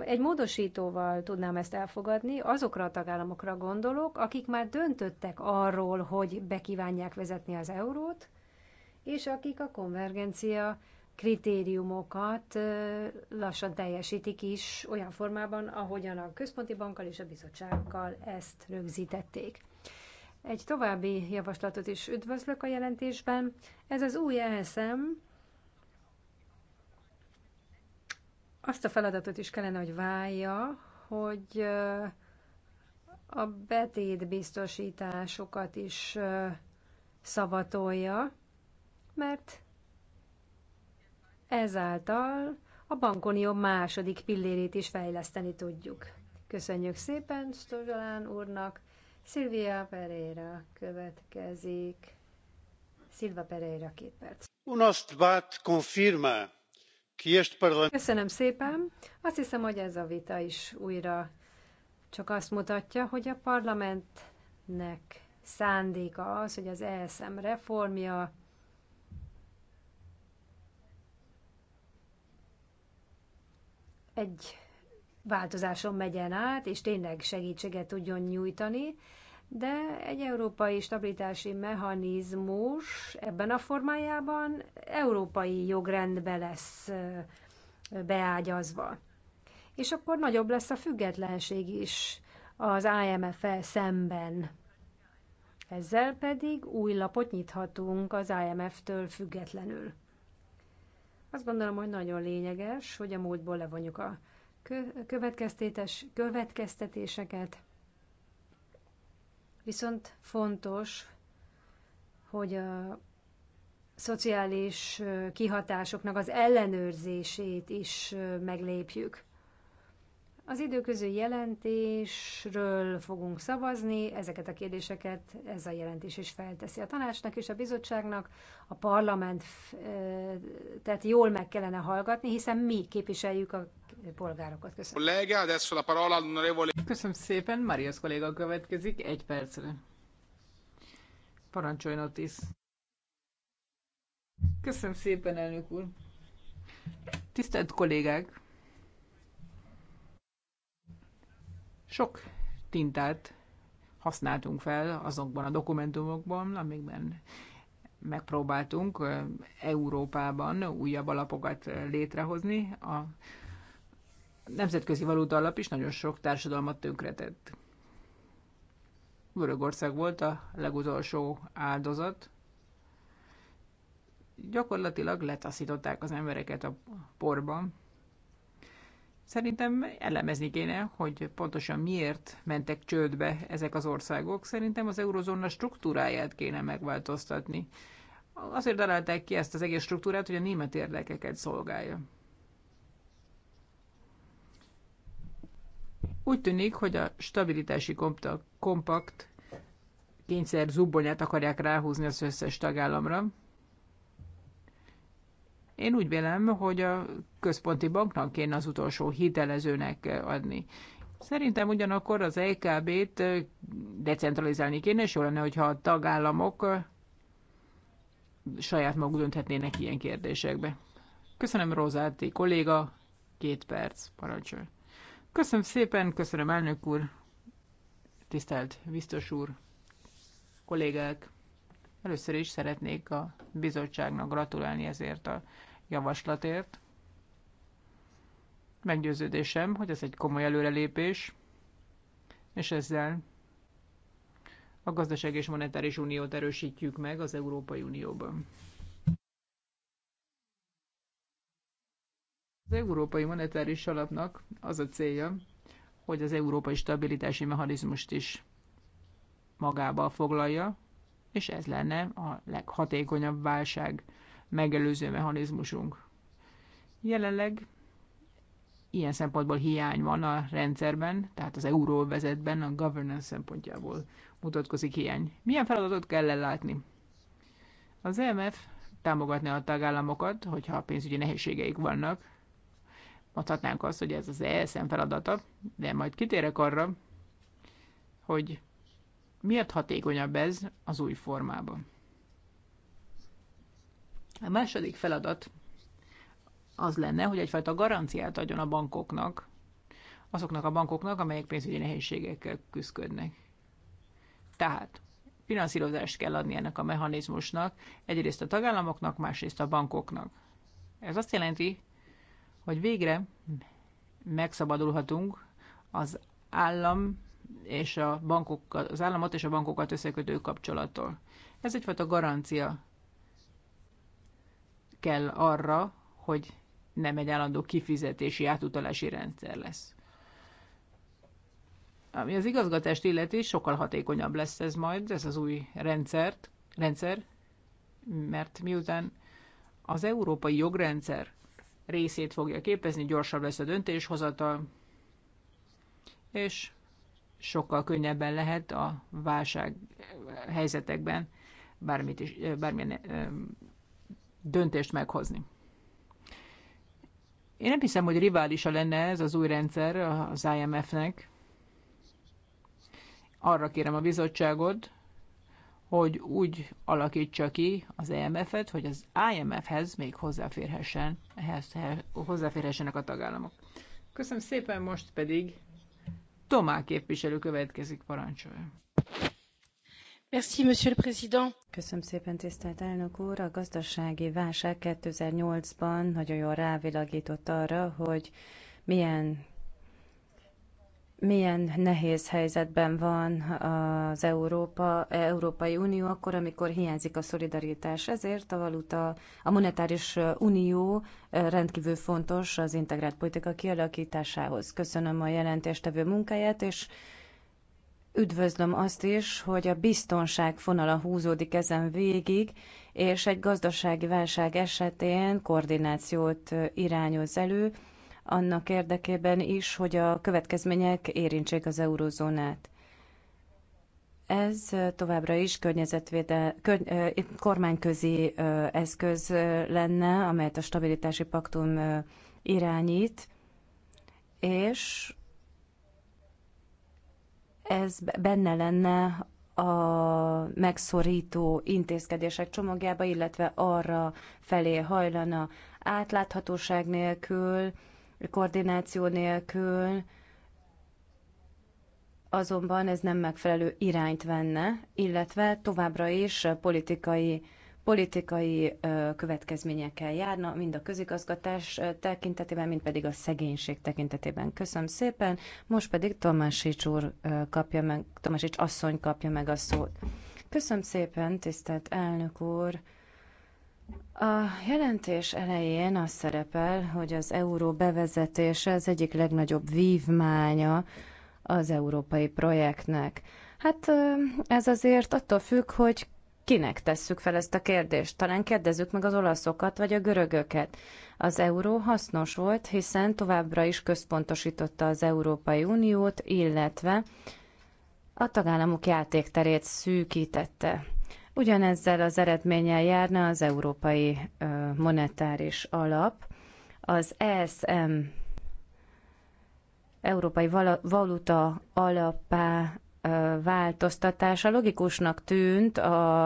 Egy módosítóval tudnám ezt elfogadni, azokra a tagállamokra gondolok, akik már döntöttek arról, hogy bekívánják vezetni az eurót, és akik a konvergencia kritériumokat lassan teljesítik is olyan formában, ahogyan a központi bankkal és a bizottsággal ezt rögzítették. Egy további javaslatot is üdvözlök a jelentésben. Ez az új ESM azt a feladatot is kellene, hogy válja, hogy a betétbiztosításokat is szavatolja, mert ezáltal a bankunió második pillérét is fejleszteni tudjuk. Köszönjük szépen Stozsalán úrnak. Szilvia Pereira következik. Silva Pereira, két perc. Köszönöm szépen. Azt hiszem, hogy ez a vita is újra csak azt mutatja, hogy a parlamentnek szándéka az, hogy az ESM reformja egy változáson megyen át, és tényleg segítséget tudjon nyújtani, de egy európai stabilitási mechanizmus ebben a formájában európai jogrendbe lesz beágyazva. És akkor nagyobb lesz a függetlenség is az imf szemben. Ezzel pedig új lapot nyithatunk az IMF-től függetlenül. Azt gondolom, hogy nagyon lényeges, hogy a múltból levonjuk a következtetés, következtetéseket. Viszont fontos, hogy a szociális kihatásoknak az ellenőrzését is meglépjük. Az időköző jelentésről fogunk szavazni, ezeket a kérdéseket ez a jelentés is felteszi a tanácsnak és a bizottságnak. A parlament eh, tehát jól meg kellene hallgatni, hiszen mi képviseljük a polgárokat. Köszönöm. Köszönöm szépen, Mariusz kolléga következik egy percre. Parancsoljon Otis. Köszönöm szépen, elnök úr. Tisztelt kollégák! Sok tintát használtunk fel azokban a dokumentumokban, amikben megpróbáltunk Európában újabb alapokat létrehozni. A Nemzetközi Valuta Alap is nagyon sok társadalmat tönkretett. Görögország volt a legutolsó áldozat. Gyakorlatilag letaszították az embereket a porban. Szerintem elemezni kéne, hogy pontosan miért mentek csődbe ezek az országok. Szerintem az eurozóna struktúráját kéne megváltoztatni. Azért találták ki ezt az egész struktúrát, hogy a német érdekeket szolgálja. Úgy tűnik, hogy a stabilitási kompakt kényszer zubbonyát akarják ráhúzni az összes tagállamra, én úgy vélem, hogy a központi banknak kéne az utolsó hitelezőnek adni. Szerintem ugyanakkor az EKB-t decentralizálni kéne, és jó lenne, hogyha a tagállamok saját maguk dönthetnének ilyen kérdésekbe. Köszönöm Rozáti kolléga, két perc, parancsol. Köszönöm szépen, köszönöm elnök úr, tisztelt biztos úr, kollégák. Először is szeretnék a bizottságnak gratulálni ezért a javaslatért. Meggyőződésem, hogy ez egy komoly előrelépés, és ezzel a gazdaság és monetáris uniót erősítjük meg az Európai Unióban. Az Európai Monetáris Alapnak az a célja, hogy az európai stabilitási mechanizmust is magába foglalja, és ez lenne a leghatékonyabb válság megelőző mechanizmusunk. Jelenleg ilyen szempontból hiány van a rendszerben, tehát az euróvezetben a governance szempontjából mutatkozik hiány. Milyen feladatot kell ellátni? Az EMF támogatni a tagállamokat, hogyha pénzügyi nehézségeik vannak. Mondhatnánk azt, hogy ez az ESM feladata, de majd kitérek arra, hogy Miért hatékonyabb ez az új formában? A második feladat az lenne, hogy egyfajta garanciát adjon a bankoknak, azoknak a bankoknak, amelyek pénzügyi nehézségekkel küzdködnek. Tehát finanszírozást kell adni ennek a mechanizmusnak, egyrészt a tagállamoknak, másrészt a bankoknak. Ez azt jelenti, hogy végre megszabadulhatunk az állam és a bankokat, az államot és a bankokat összekötő kapcsolattól. Ez egyfajta garancia kell arra, hogy nem egy állandó kifizetési átutalási rendszer lesz. Ami az igazgatást illeti, sokkal hatékonyabb lesz ez majd, ez az új rendszert, rendszer, mert miután az európai jogrendszer részét fogja képezni, gyorsabb lesz a döntéshozatal, és sokkal könnyebben lehet a válság helyzetekben bármit is, bármilyen döntést meghozni. Én nem hiszem, hogy riválisa lenne ez az új rendszer az IMF-nek. Arra kérem a bizottságot, hogy úgy alakítsa ki az imf e et hogy az IMF-hez még hozzáférhessen, ehhez, hozzáférhessenek a tagállamok. Köszönöm szépen, most pedig Tomá képviselő következik, parancsolja. Merci, monsieur le président. Köszönöm szépen, tisztelt elnök úr! A gazdasági válság 2008-ban nagyon jól rávilágított arra, hogy milyen milyen nehéz helyzetben van az Európa, Európai Unió akkor, amikor hiányzik a szolidaritás. Ezért a valuta, a monetáris unió rendkívül fontos az integrált politika kialakításához. Köszönöm a jelentéstevő munkáját, és üdvözlöm azt is, hogy a biztonság fonala húzódik ezen végig, és egy gazdasági válság esetén koordinációt irányoz elő, annak érdekében is, hogy a következmények érintsék az eurozónát. Ez továbbra is környezetvédel, kör, kormányközi eszköz lenne, amelyet a stabilitási paktum irányít, és ez benne lenne a megszorító intézkedések csomagjába, illetve arra felé hajlana átláthatóság nélkül, koordináció nélkül, azonban ez nem megfelelő irányt venne, illetve továbbra is politikai politikai következményekkel járna, mind a közigazgatás tekintetében, mind pedig a szegénység tekintetében. Köszönöm szépen, most pedig Tomásics úr kapja meg, Tomásics asszony kapja meg a szót. Köszönöm szépen, tisztelt elnök úr, a jelentés elején az szerepel, hogy az euró bevezetése az egyik legnagyobb vívmánya az európai projektnek. Hát ez azért attól függ, hogy kinek tesszük fel ezt a kérdést. Talán kérdezzük meg az olaszokat vagy a görögöket. Az euró hasznos volt, hiszen továbbra is központosította az Európai Uniót, illetve a tagállamok játékterét szűkítette. Ugyanezzel az eredménnyel járna az Európai Monetáris Alap. Az ESM Európai Valuta Alapá változtatása logikusnak tűnt a,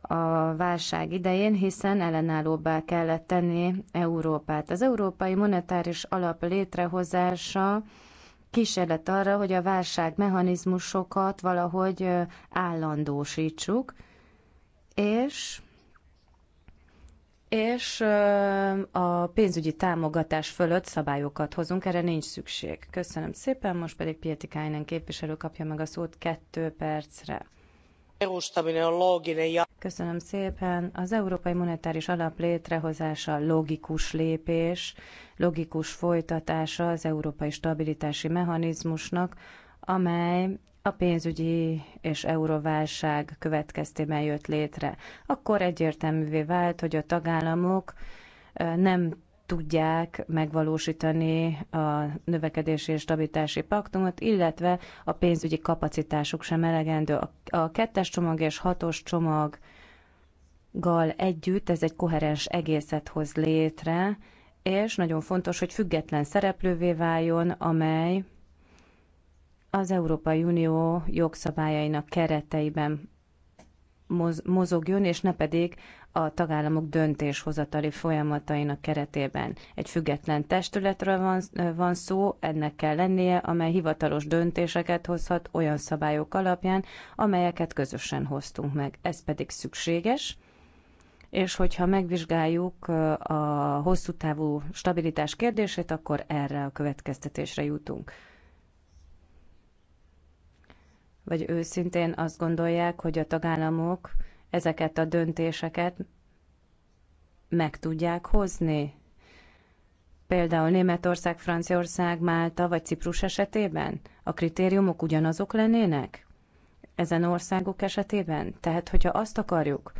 a válság idején, hiszen ellenállóbbá kellett tenni Európát. Az Európai Monetáris Alap létrehozása kísérlet arra, hogy a válság mechanizmusokat valahogy állandósítsuk, és és a pénzügyi támogatás fölött szabályokat hozunk, erre nincs szükség. Köszönöm szépen, most pedig Pieti Kájnen képviselő kapja meg a szót kettő percre. Köszönöm szépen. Az Európai Monetáris Alap létrehozása logikus lépés, logikus folytatása az Európai Stabilitási Mechanizmusnak, amely a pénzügyi és euróválság következtében jött létre. Akkor egyértelművé vált, hogy a tagállamok nem tudják megvalósítani a növekedési és stabilitási paktumot, illetve a pénzügyi kapacitásuk sem elegendő. A kettes csomag és hatos csomaggal együtt ez egy koherens egészet hoz létre, és nagyon fontos, hogy független szereplővé váljon, amely az Európai Unió jogszabályainak kereteiben mozogjon, és ne pedig a tagállamok döntéshozatali folyamatainak keretében. Egy független testületről van, van szó, ennek kell lennie, amely hivatalos döntéseket hozhat olyan szabályok alapján, amelyeket közösen hoztunk meg. Ez pedig szükséges, és hogyha megvizsgáljuk uh, a hosszú távú stabilitás kérdését, akkor erre a következtetésre jutunk vagy őszintén azt gondolják, hogy a tagállamok ezeket a döntéseket meg tudják hozni? Például Németország, Franciaország, Málta vagy Ciprus esetében? A kritériumok ugyanazok lennének? Ezen országok esetében? Tehát, hogyha azt akarjuk,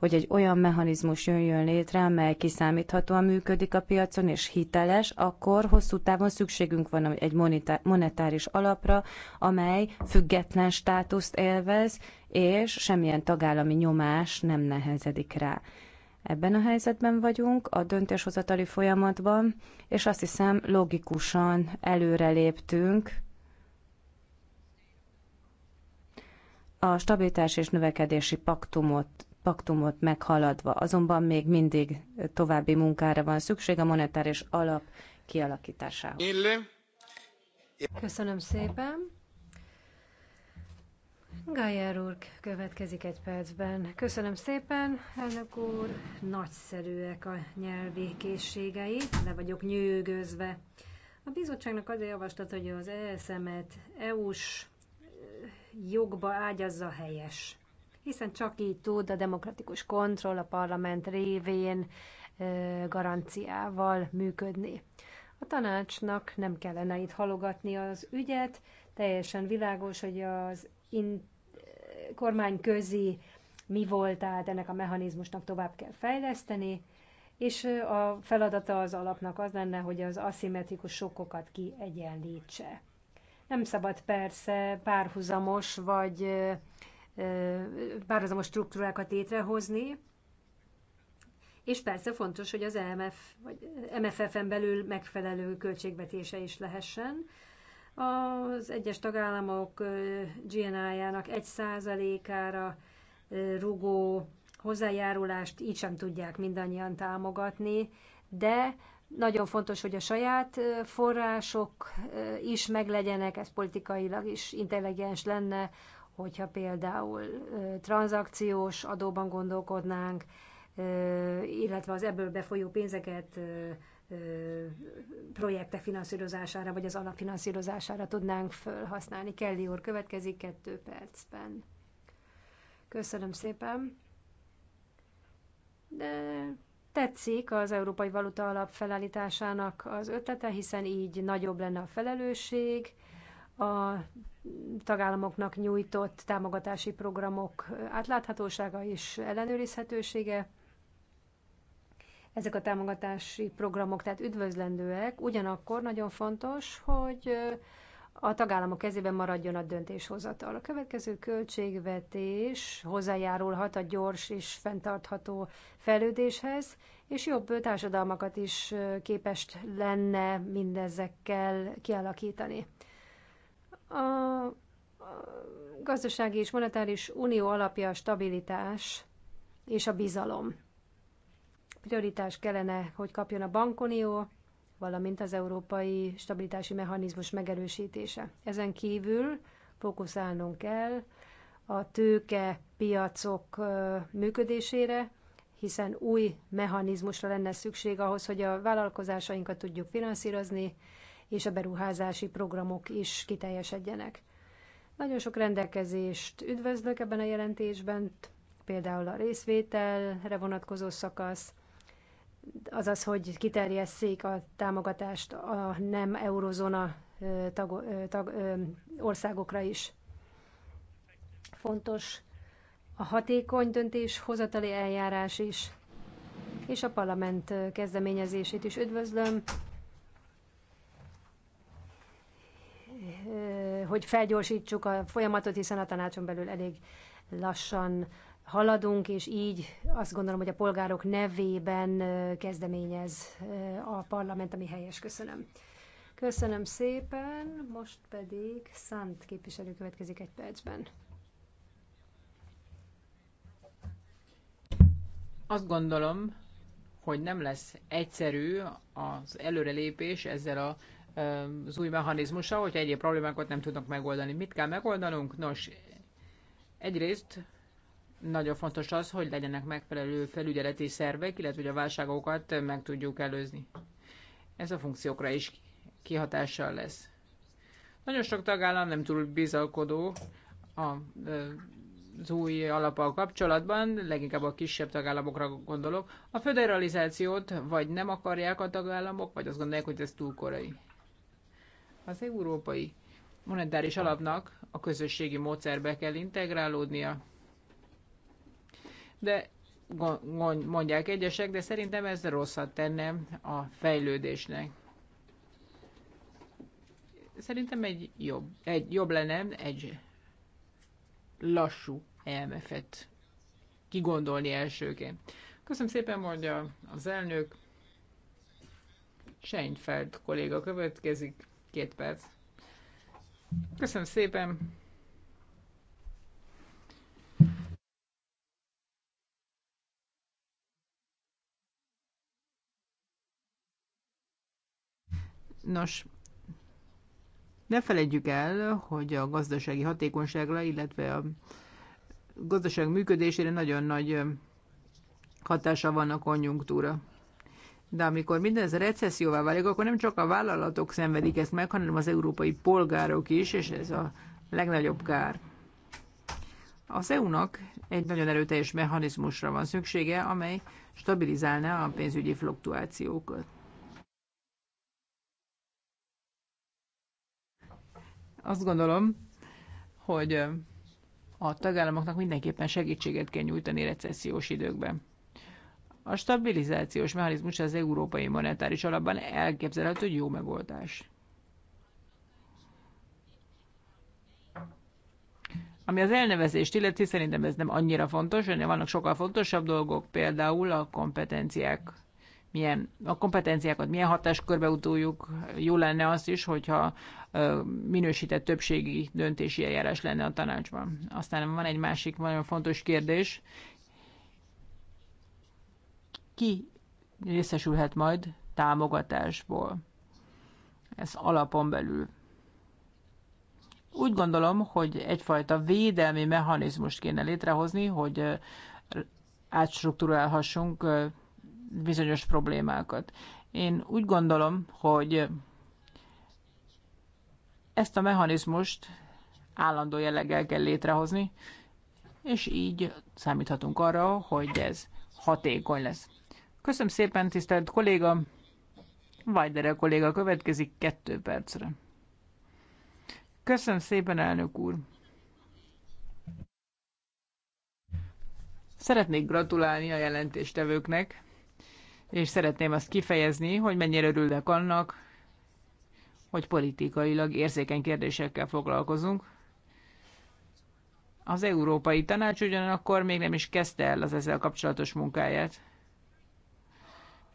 hogy egy olyan mechanizmus jöjjön létre, amely kiszámíthatóan működik a piacon és hiteles, akkor hosszú távon szükségünk van egy monetáris alapra, amely független státuszt élvez, és semmilyen tagállami nyomás nem nehezedik rá. Ebben a helyzetben vagyunk, a döntéshozatali folyamatban, és azt hiszem logikusan előreléptünk a stabilitás és növekedési paktumot paktumot meghaladva. Azonban még mindig további munkára van szükség a monetáris alap kialakításához. Köszönöm szépen. Gájár úr következik egy percben. Köszönöm szépen, elnök úr. Nagyszerűek a nyelvi készségei, de vagyok nyűgözve. A bizottságnak az a javaslat, hogy az ESM-et EU-s jogba ágyazza helyes hiszen csak így tud a demokratikus kontroll a parlament révén garanciával működni. A tanácsnak nem kellene itt halogatni az ügyet, teljesen világos, hogy az in- kormányközi mi volt, tehát ennek a mechanizmusnak tovább kell fejleszteni, és a feladata az alapnak az lenne, hogy az aszimmetrikus sokokat kiegyenlítse. Nem szabad persze párhuzamos vagy párhuzamos struktúrákat létrehozni, és persze fontos, hogy az EMF, vagy MFF-en belül megfelelő költségvetése is lehessen. Az egyes tagállamok GNI-jának 1%-ára rugó hozzájárulást így sem tudják mindannyian támogatni, de nagyon fontos, hogy a saját források is meglegyenek, ez politikailag is intelligens lenne, hogyha például tranzakciós adóban gondolkodnánk, illetve az ebből befolyó pénzeket projektek finanszírozására, vagy az alapfinanszírozására tudnánk felhasználni. Kelly úr, következik kettő percben. Köszönöm szépen. De tetszik az Európai Valuta Alap felállításának az ötlete, hiszen így nagyobb lenne a felelősség, a tagállamoknak nyújtott támogatási programok átláthatósága és ellenőrizhetősége. Ezek a támogatási programok tehát üdvözlendőek, ugyanakkor nagyon fontos, hogy a tagállamok kezében maradjon a döntéshozatal. A következő költségvetés hozzájárulhat a gyors és fenntartható fejlődéshez, és jobb társadalmakat is képes lenne mindezekkel kialakítani. A gazdasági és monetáris unió alapja a stabilitás és a bizalom. Prioritás kellene, hogy kapjon a bankunió, valamint az európai stabilitási mechanizmus megerősítése. Ezen kívül fókuszálnunk kell a tőke piacok működésére, hiszen új mechanizmusra lenne szükség ahhoz, hogy a vállalkozásainkat tudjuk finanszírozni, és a beruházási programok is kiteljesedjenek. Nagyon sok rendelkezést üdvözlök ebben a jelentésben, például a részvételre vonatkozó szakasz, azaz, hogy kiterjesszék a támogatást a nem eurozóna tag, tag, országokra is. Fontos a hatékony döntéshozatali eljárás is, és a parlament kezdeményezését is üdvözlöm, Eh, hogy felgyorsítsuk a folyamatot, hiszen a tanácson belül elég lassan haladunk, és így azt gondolom, hogy a polgárok nevében eh, kezdeményez eh, a parlament, ami helyes. Köszönöm. Köszönöm szépen, most pedig Szent képviselő következik egy percben. Azt gondolom, hogy nem lesz egyszerű az előrelépés ezzel a az új mechanizmusa, hogy egyéb problémákat nem tudnak megoldani. Mit kell megoldanunk? Nos, egyrészt nagyon fontos az, hogy legyenek megfelelő felügyeleti szervek, illetve hogy a válságokat meg tudjuk előzni. Ez a funkciókra is kihatással lesz. Nagyon sok tagállam nem túl bizalkodó a, az új alapal kapcsolatban, leginkább a kisebb tagállamokra gondolok. A föderalizációt vagy nem akarják a tagállamok, vagy azt gondolják, hogy ez túl korai. Az európai monetáris alapnak a közösségi módszerbe kell integrálódnia, de mondják egyesek, de szerintem ez rosszat tenne a fejlődésnek. Szerintem egy jobb, egy jobb lenne egy lassú elmefet kigondolni elsőként. Köszönöm szépen, mondja az elnök. Seinfeld kolléga következik. Két perc. Köszönöm szépen. Nos, ne felejtjük el, hogy a gazdasági hatékonyságra, illetve a gazdaság működésére nagyon nagy hatása van a konjunktúra. De amikor minden ez a recesszióvá válik, akkor nem csak a vállalatok szenvedik ezt meg, hanem az európai polgárok is, és ez a legnagyobb kár. Az EU-nak egy nagyon erőteljes mechanizmusra van szüksége, amely stabilizálná a pénzügyi fluktuációkat. Azt gondolom, hogy a tagállamoknak mindenképpen segítséget kell nyújtani recessziós időkben. A stabilizációs mechanizmus az európai monetáris alapban elképzelhető jó megoldás. Ami az elnevezést illeti, szerintem ez nem annyira fontos, hanem vannak sokkal fontosabb dolgok, például a kompetenciák. Milyen, a kompetenciákat milyen hatáskörbe utoljuk, jó lenne az is, hogyha minősített többségi döntési eljárás lenne a tanácsban. Aztán van egy másik nagyon fontos kérdés, ki részesülhet majd támogatásból. Ez alapon belül. Úgy gondolom, hogy egyfajta védelmi mechanizmust kéne létrehozni, hogy átstruktúrálhassunk bizonyos problémákat. Én úgy gondolom, hogy ezt a mechanizmust állandó jelleggel kell létrehozni, és így számíthatunk arra, hogy ez hatékony lesz. Köszönöm szépen, tisztelt kolléga! Vajdere kolléga következik kettő percre. Köszönöm szépen, elnök úr! Szeretnék gratulálni a jelentéstevőknek, és szeretném azt kifejezni, hogy mennyire örülnek annak, hogy politikailag érzékeny kérdésekkel foglalkozunk. Az Európai Tanács ugyanakkor még nem is kezdte el az ezzel kapcsolatos munkáját.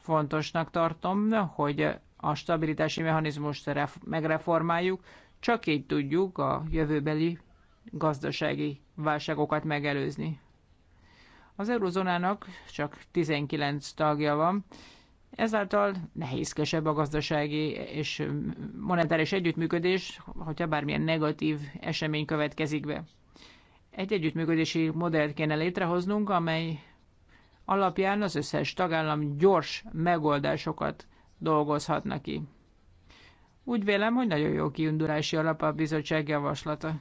Fontosnak tartom, hogy a stabilitási mechanizmust megreformáljuk, csak így tudjuk a jövőbeli gazdasági válságokat megelőzni. Az eurozónának csak 19 tagja van, ezáltal nehézkesebb a gazdasági és monetáris együttműködés, hogyha bármilyen negatív esemény következik be. Egy együttműködési modellt kéne létrehoznunk, amely alapján az összes tagállam gyors megoldásokat dolgozhatna ki. Úgy vélem, hogy nagyon jó kiindulási alap a bizottság javaslata.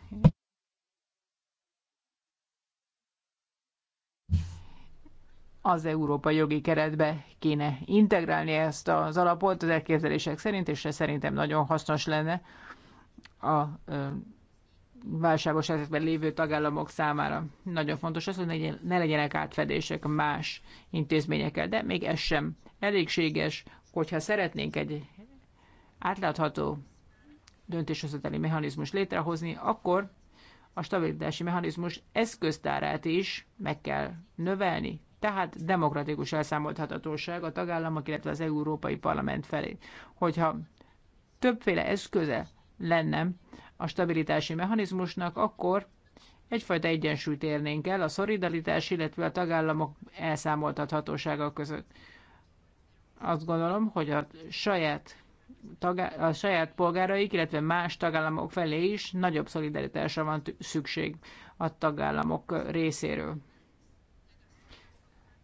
az európai jogi keretbe kéne integrálni ezt az alapot az elképzelések szerint, és ez szerintem nagyon hasznos lenne a válságos helyzetben lévő tagállamok számára. Nagyon fontos az, hogy ne legyenek átfedések más intézményekkel, de még ez sem elégséges, hogyha szeretnénk egy átlátható döntéshozatali mechanizmus létrehozni, akkor a stabilitási mechanizmus eszköztárát is meg kell növelni, tehát demokratikus elszámolthatatóság a tagállamok, illetve az Európai Parlament felé. Hogyha többféle eszköze lenne a stabilitási mechanizmusnak, akkor egyfajta egyensúlyt érnénk el a szolidaritás, illetve a tagállamok elszámoltathatósága között. Azt gondolom, hogy a saját, tagá- a saját polgáraik, illetve más tagállamok felé is nagyobb szolidaritásra van szükség a tagállamok részéről.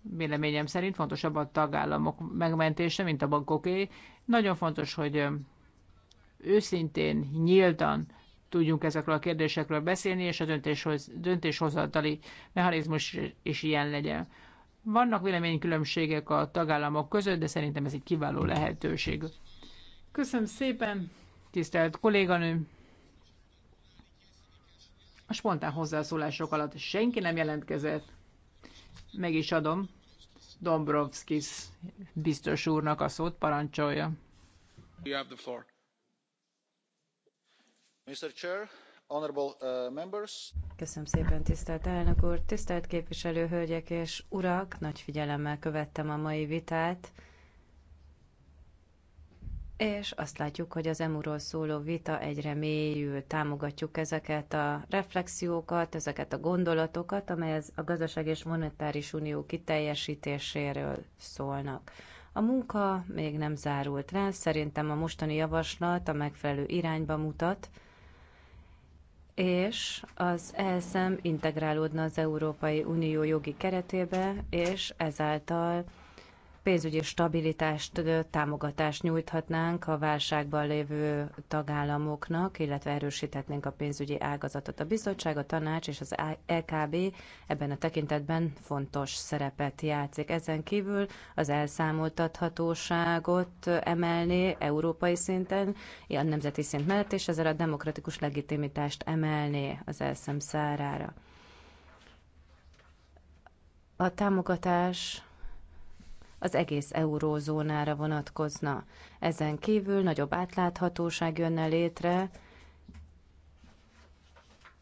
Véleményem szerint fontosabb a tagállamok megmentése, mint a bankoké. Nagyon fontos, hogy őszintén, nyíltan tudjunk ezekről a kérdésekről beszélni, és a döntéshoz, döntéshozatali mechanizmus is ilyen legyen. Vannak véleménykülönbségek a tagállamok között, de szerintem ez egy kiváló lehetőség. Köszönöm szépen, tisztelt kolléganőm! A spontán hozzászólások alatt senki nem jelentkezett. Meg is adom Dombrovskis biztos úrnak a szót, parancsolja. You have the floor. Uh, Köszönöm szépen, tisztelt elnök úr, tisztelt képviselő hölgyek és urak, nagy figyelemmel követtem a mai vitát, és azt látjuk, hogy az EMU-ról szóló vita egyre mélyül. Támogatjuk ezeket a reflexiókat, ezeket a gondolatokat, amely a gazdaság és monetáris unió kiteljesítéséről szólnak. A munka még nem zárult le, szerintem a mostani javaslat a megfelelő irányba mutat, és az ESM integrálódna az Európai Unió jogi keretébe, és ezáltal pénzügyi stabilitást, támogatást nyújthatnánk a válságban lévő tagállamoknak, illetve erősíthetnénk a pénzügyi ágazatot. A bizottság, a tanács és az LKB ebben a tekintetben fontos szerepet játszik. Ezen kívül az elszámoltathatóságot emelni európai szinten, a nemzeti szint mellett, és ezzel a demokratikus legitimitást emelni az elszem szárára. A támogatás az egész eurózónára vonatkozna. Ezen kívül nagyobb átláthatóság jönne létre,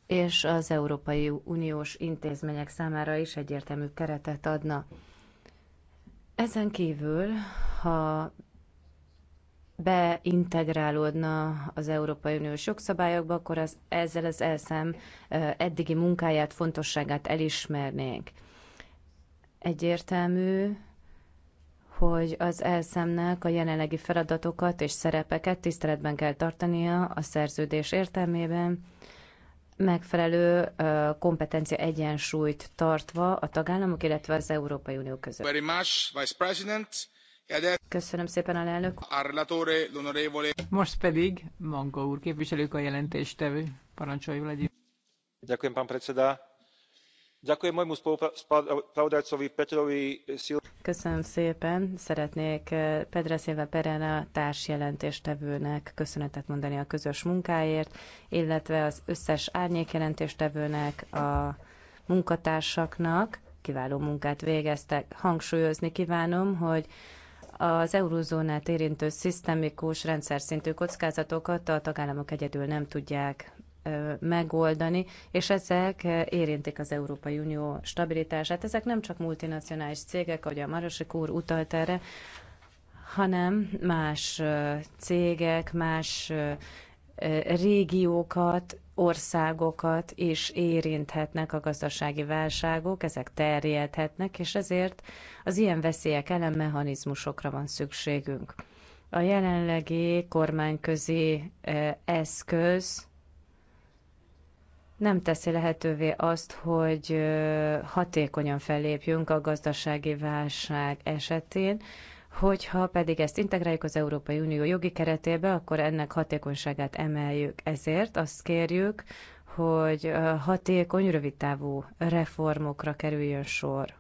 és az Európai Uniós intézmények számára is egyértelmű keretet adna. Ezen kívül, ha beintegrálódna az Európai Uniós jogszabályokba, akkor az, ezzel az elszem eddigi munkáját, fontosságát elismernénk. Egyértelmű, hogy az elszemnek a jelenlegi feladatokat és szerepeket tiszteletben kell tartania a szerződés értelmében, megfelelő kompetencia egyensúlyt tartva a tagállamok, illetve az Európai Unió között. Köszönöm szépen, a alelnök. Most pedig Manka úr képviselők a jelentéstevő. Parancsolj, Vladi. Ďakujem, pán predseda Köszönöm szépen. Szeretnék eh, Pedre silva Perena társjelentéstevőnek köszönetet mondani a közös munkáért, illetve az összes árnyékjelentéstevőnek, a munkatársaknak kiváló munkát végeztek. Hangsúlyozni kívánom, hogy az eurozónát érintő szisztemikus rendszer szintű kockázatokat a tagállamok egyedül nem tudják megoldani, és ezek érintik az Európai Unió stabilitását. Ezek nem csak multinacionális cégek, ahogy a Marosik úr utalt erre, hanem más cégek, más régiókat, országokat is érinthetnek a gazdasági válságok, ezek terjedhetnek, és ezért az ilyen veszélyek ellen mechanizmusokra van szükségünk. A jelenlegi kormányközi eszköz nem teszi lehetővé azt, hogy hatékonyan fellépjünk a gazdasági válság esetén, hogyha pedig ezt integráljuk az Európai Unió jogi keretébe, akkor ennek hatékonyságát emeljük. Ezért azt kérjük, hogy hatékony, rövidtávú reformokra kerüljön sor.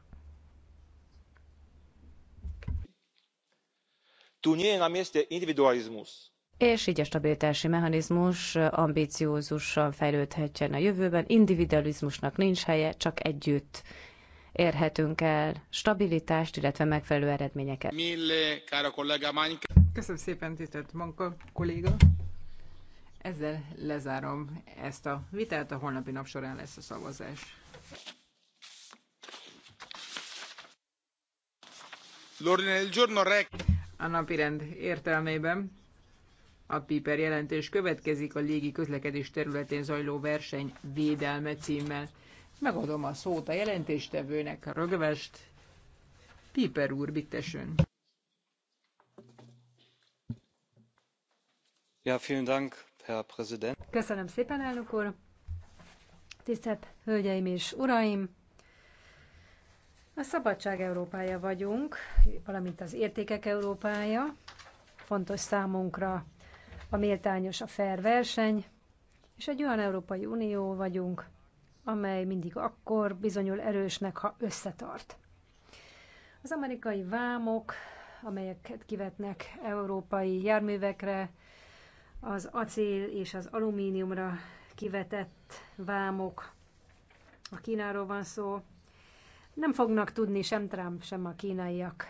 Tu nie na mieste individualizmus és így a stabilitási mechanizmus ambíciózusan fejlődhetjen a jövőben. Individualizmusnak nincs helye, csak együtt érhetünk el stabilitást, illetve megfelelő eredményeket. Köszönöm szépen, tisztelt Manka kolléga! Ezzel lezárom ezt a vitát, a holnapi nap során lesz a szavazás. A napirend értelmében a PIPER jelentés következik a légi közlekedés területén zajló verseny védelme címmel. Megadom a szót a jelentéstevőnek, Rögvest. Piper úr, bittesön. Ja, vielen Dank, Herr Präsident. Köszönöm szépen, elnök úr. Tisztelt Hölgyeim és Uraim! A szabadság Európája vagyunk, valamint az értékek Európája. Fontos számunkra a méltányos, a fair verseny, és egy olyan Európai Unió vagyunk, amely mindig akkor bizonyul erősnek, ha összetart. Az amerikai vámok, amelyeket kivetnek európai járművekre, az acél és az alumíniumra kivetett vámok, a Kínáról van szó, nem fognak tudni sem Trump, sem a kínaiak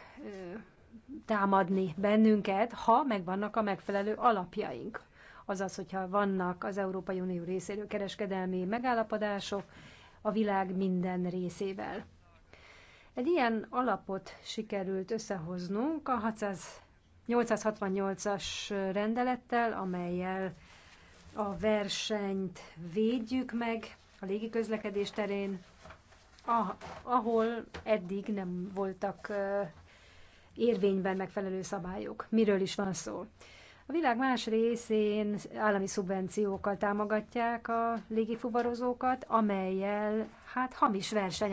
támadni bennünket, ha megvannak a megfelelő alapjaink. Azaz, hogyha vannak az Európai Unió részéről kereskedelmi megállapodások a világ minden részével. Egy ilyen alapot sikerült összehoznunk a 868-as rendelettel, amelyel a versenyt védjük meg a légiközlekedés terén, ahol eddig nem voltak érvényben megfelelő szabályok. Miről is van szó? A világ más részén állami szubvenciókkal támogatják a légifuvarozókat, amelyel hát hamis verseny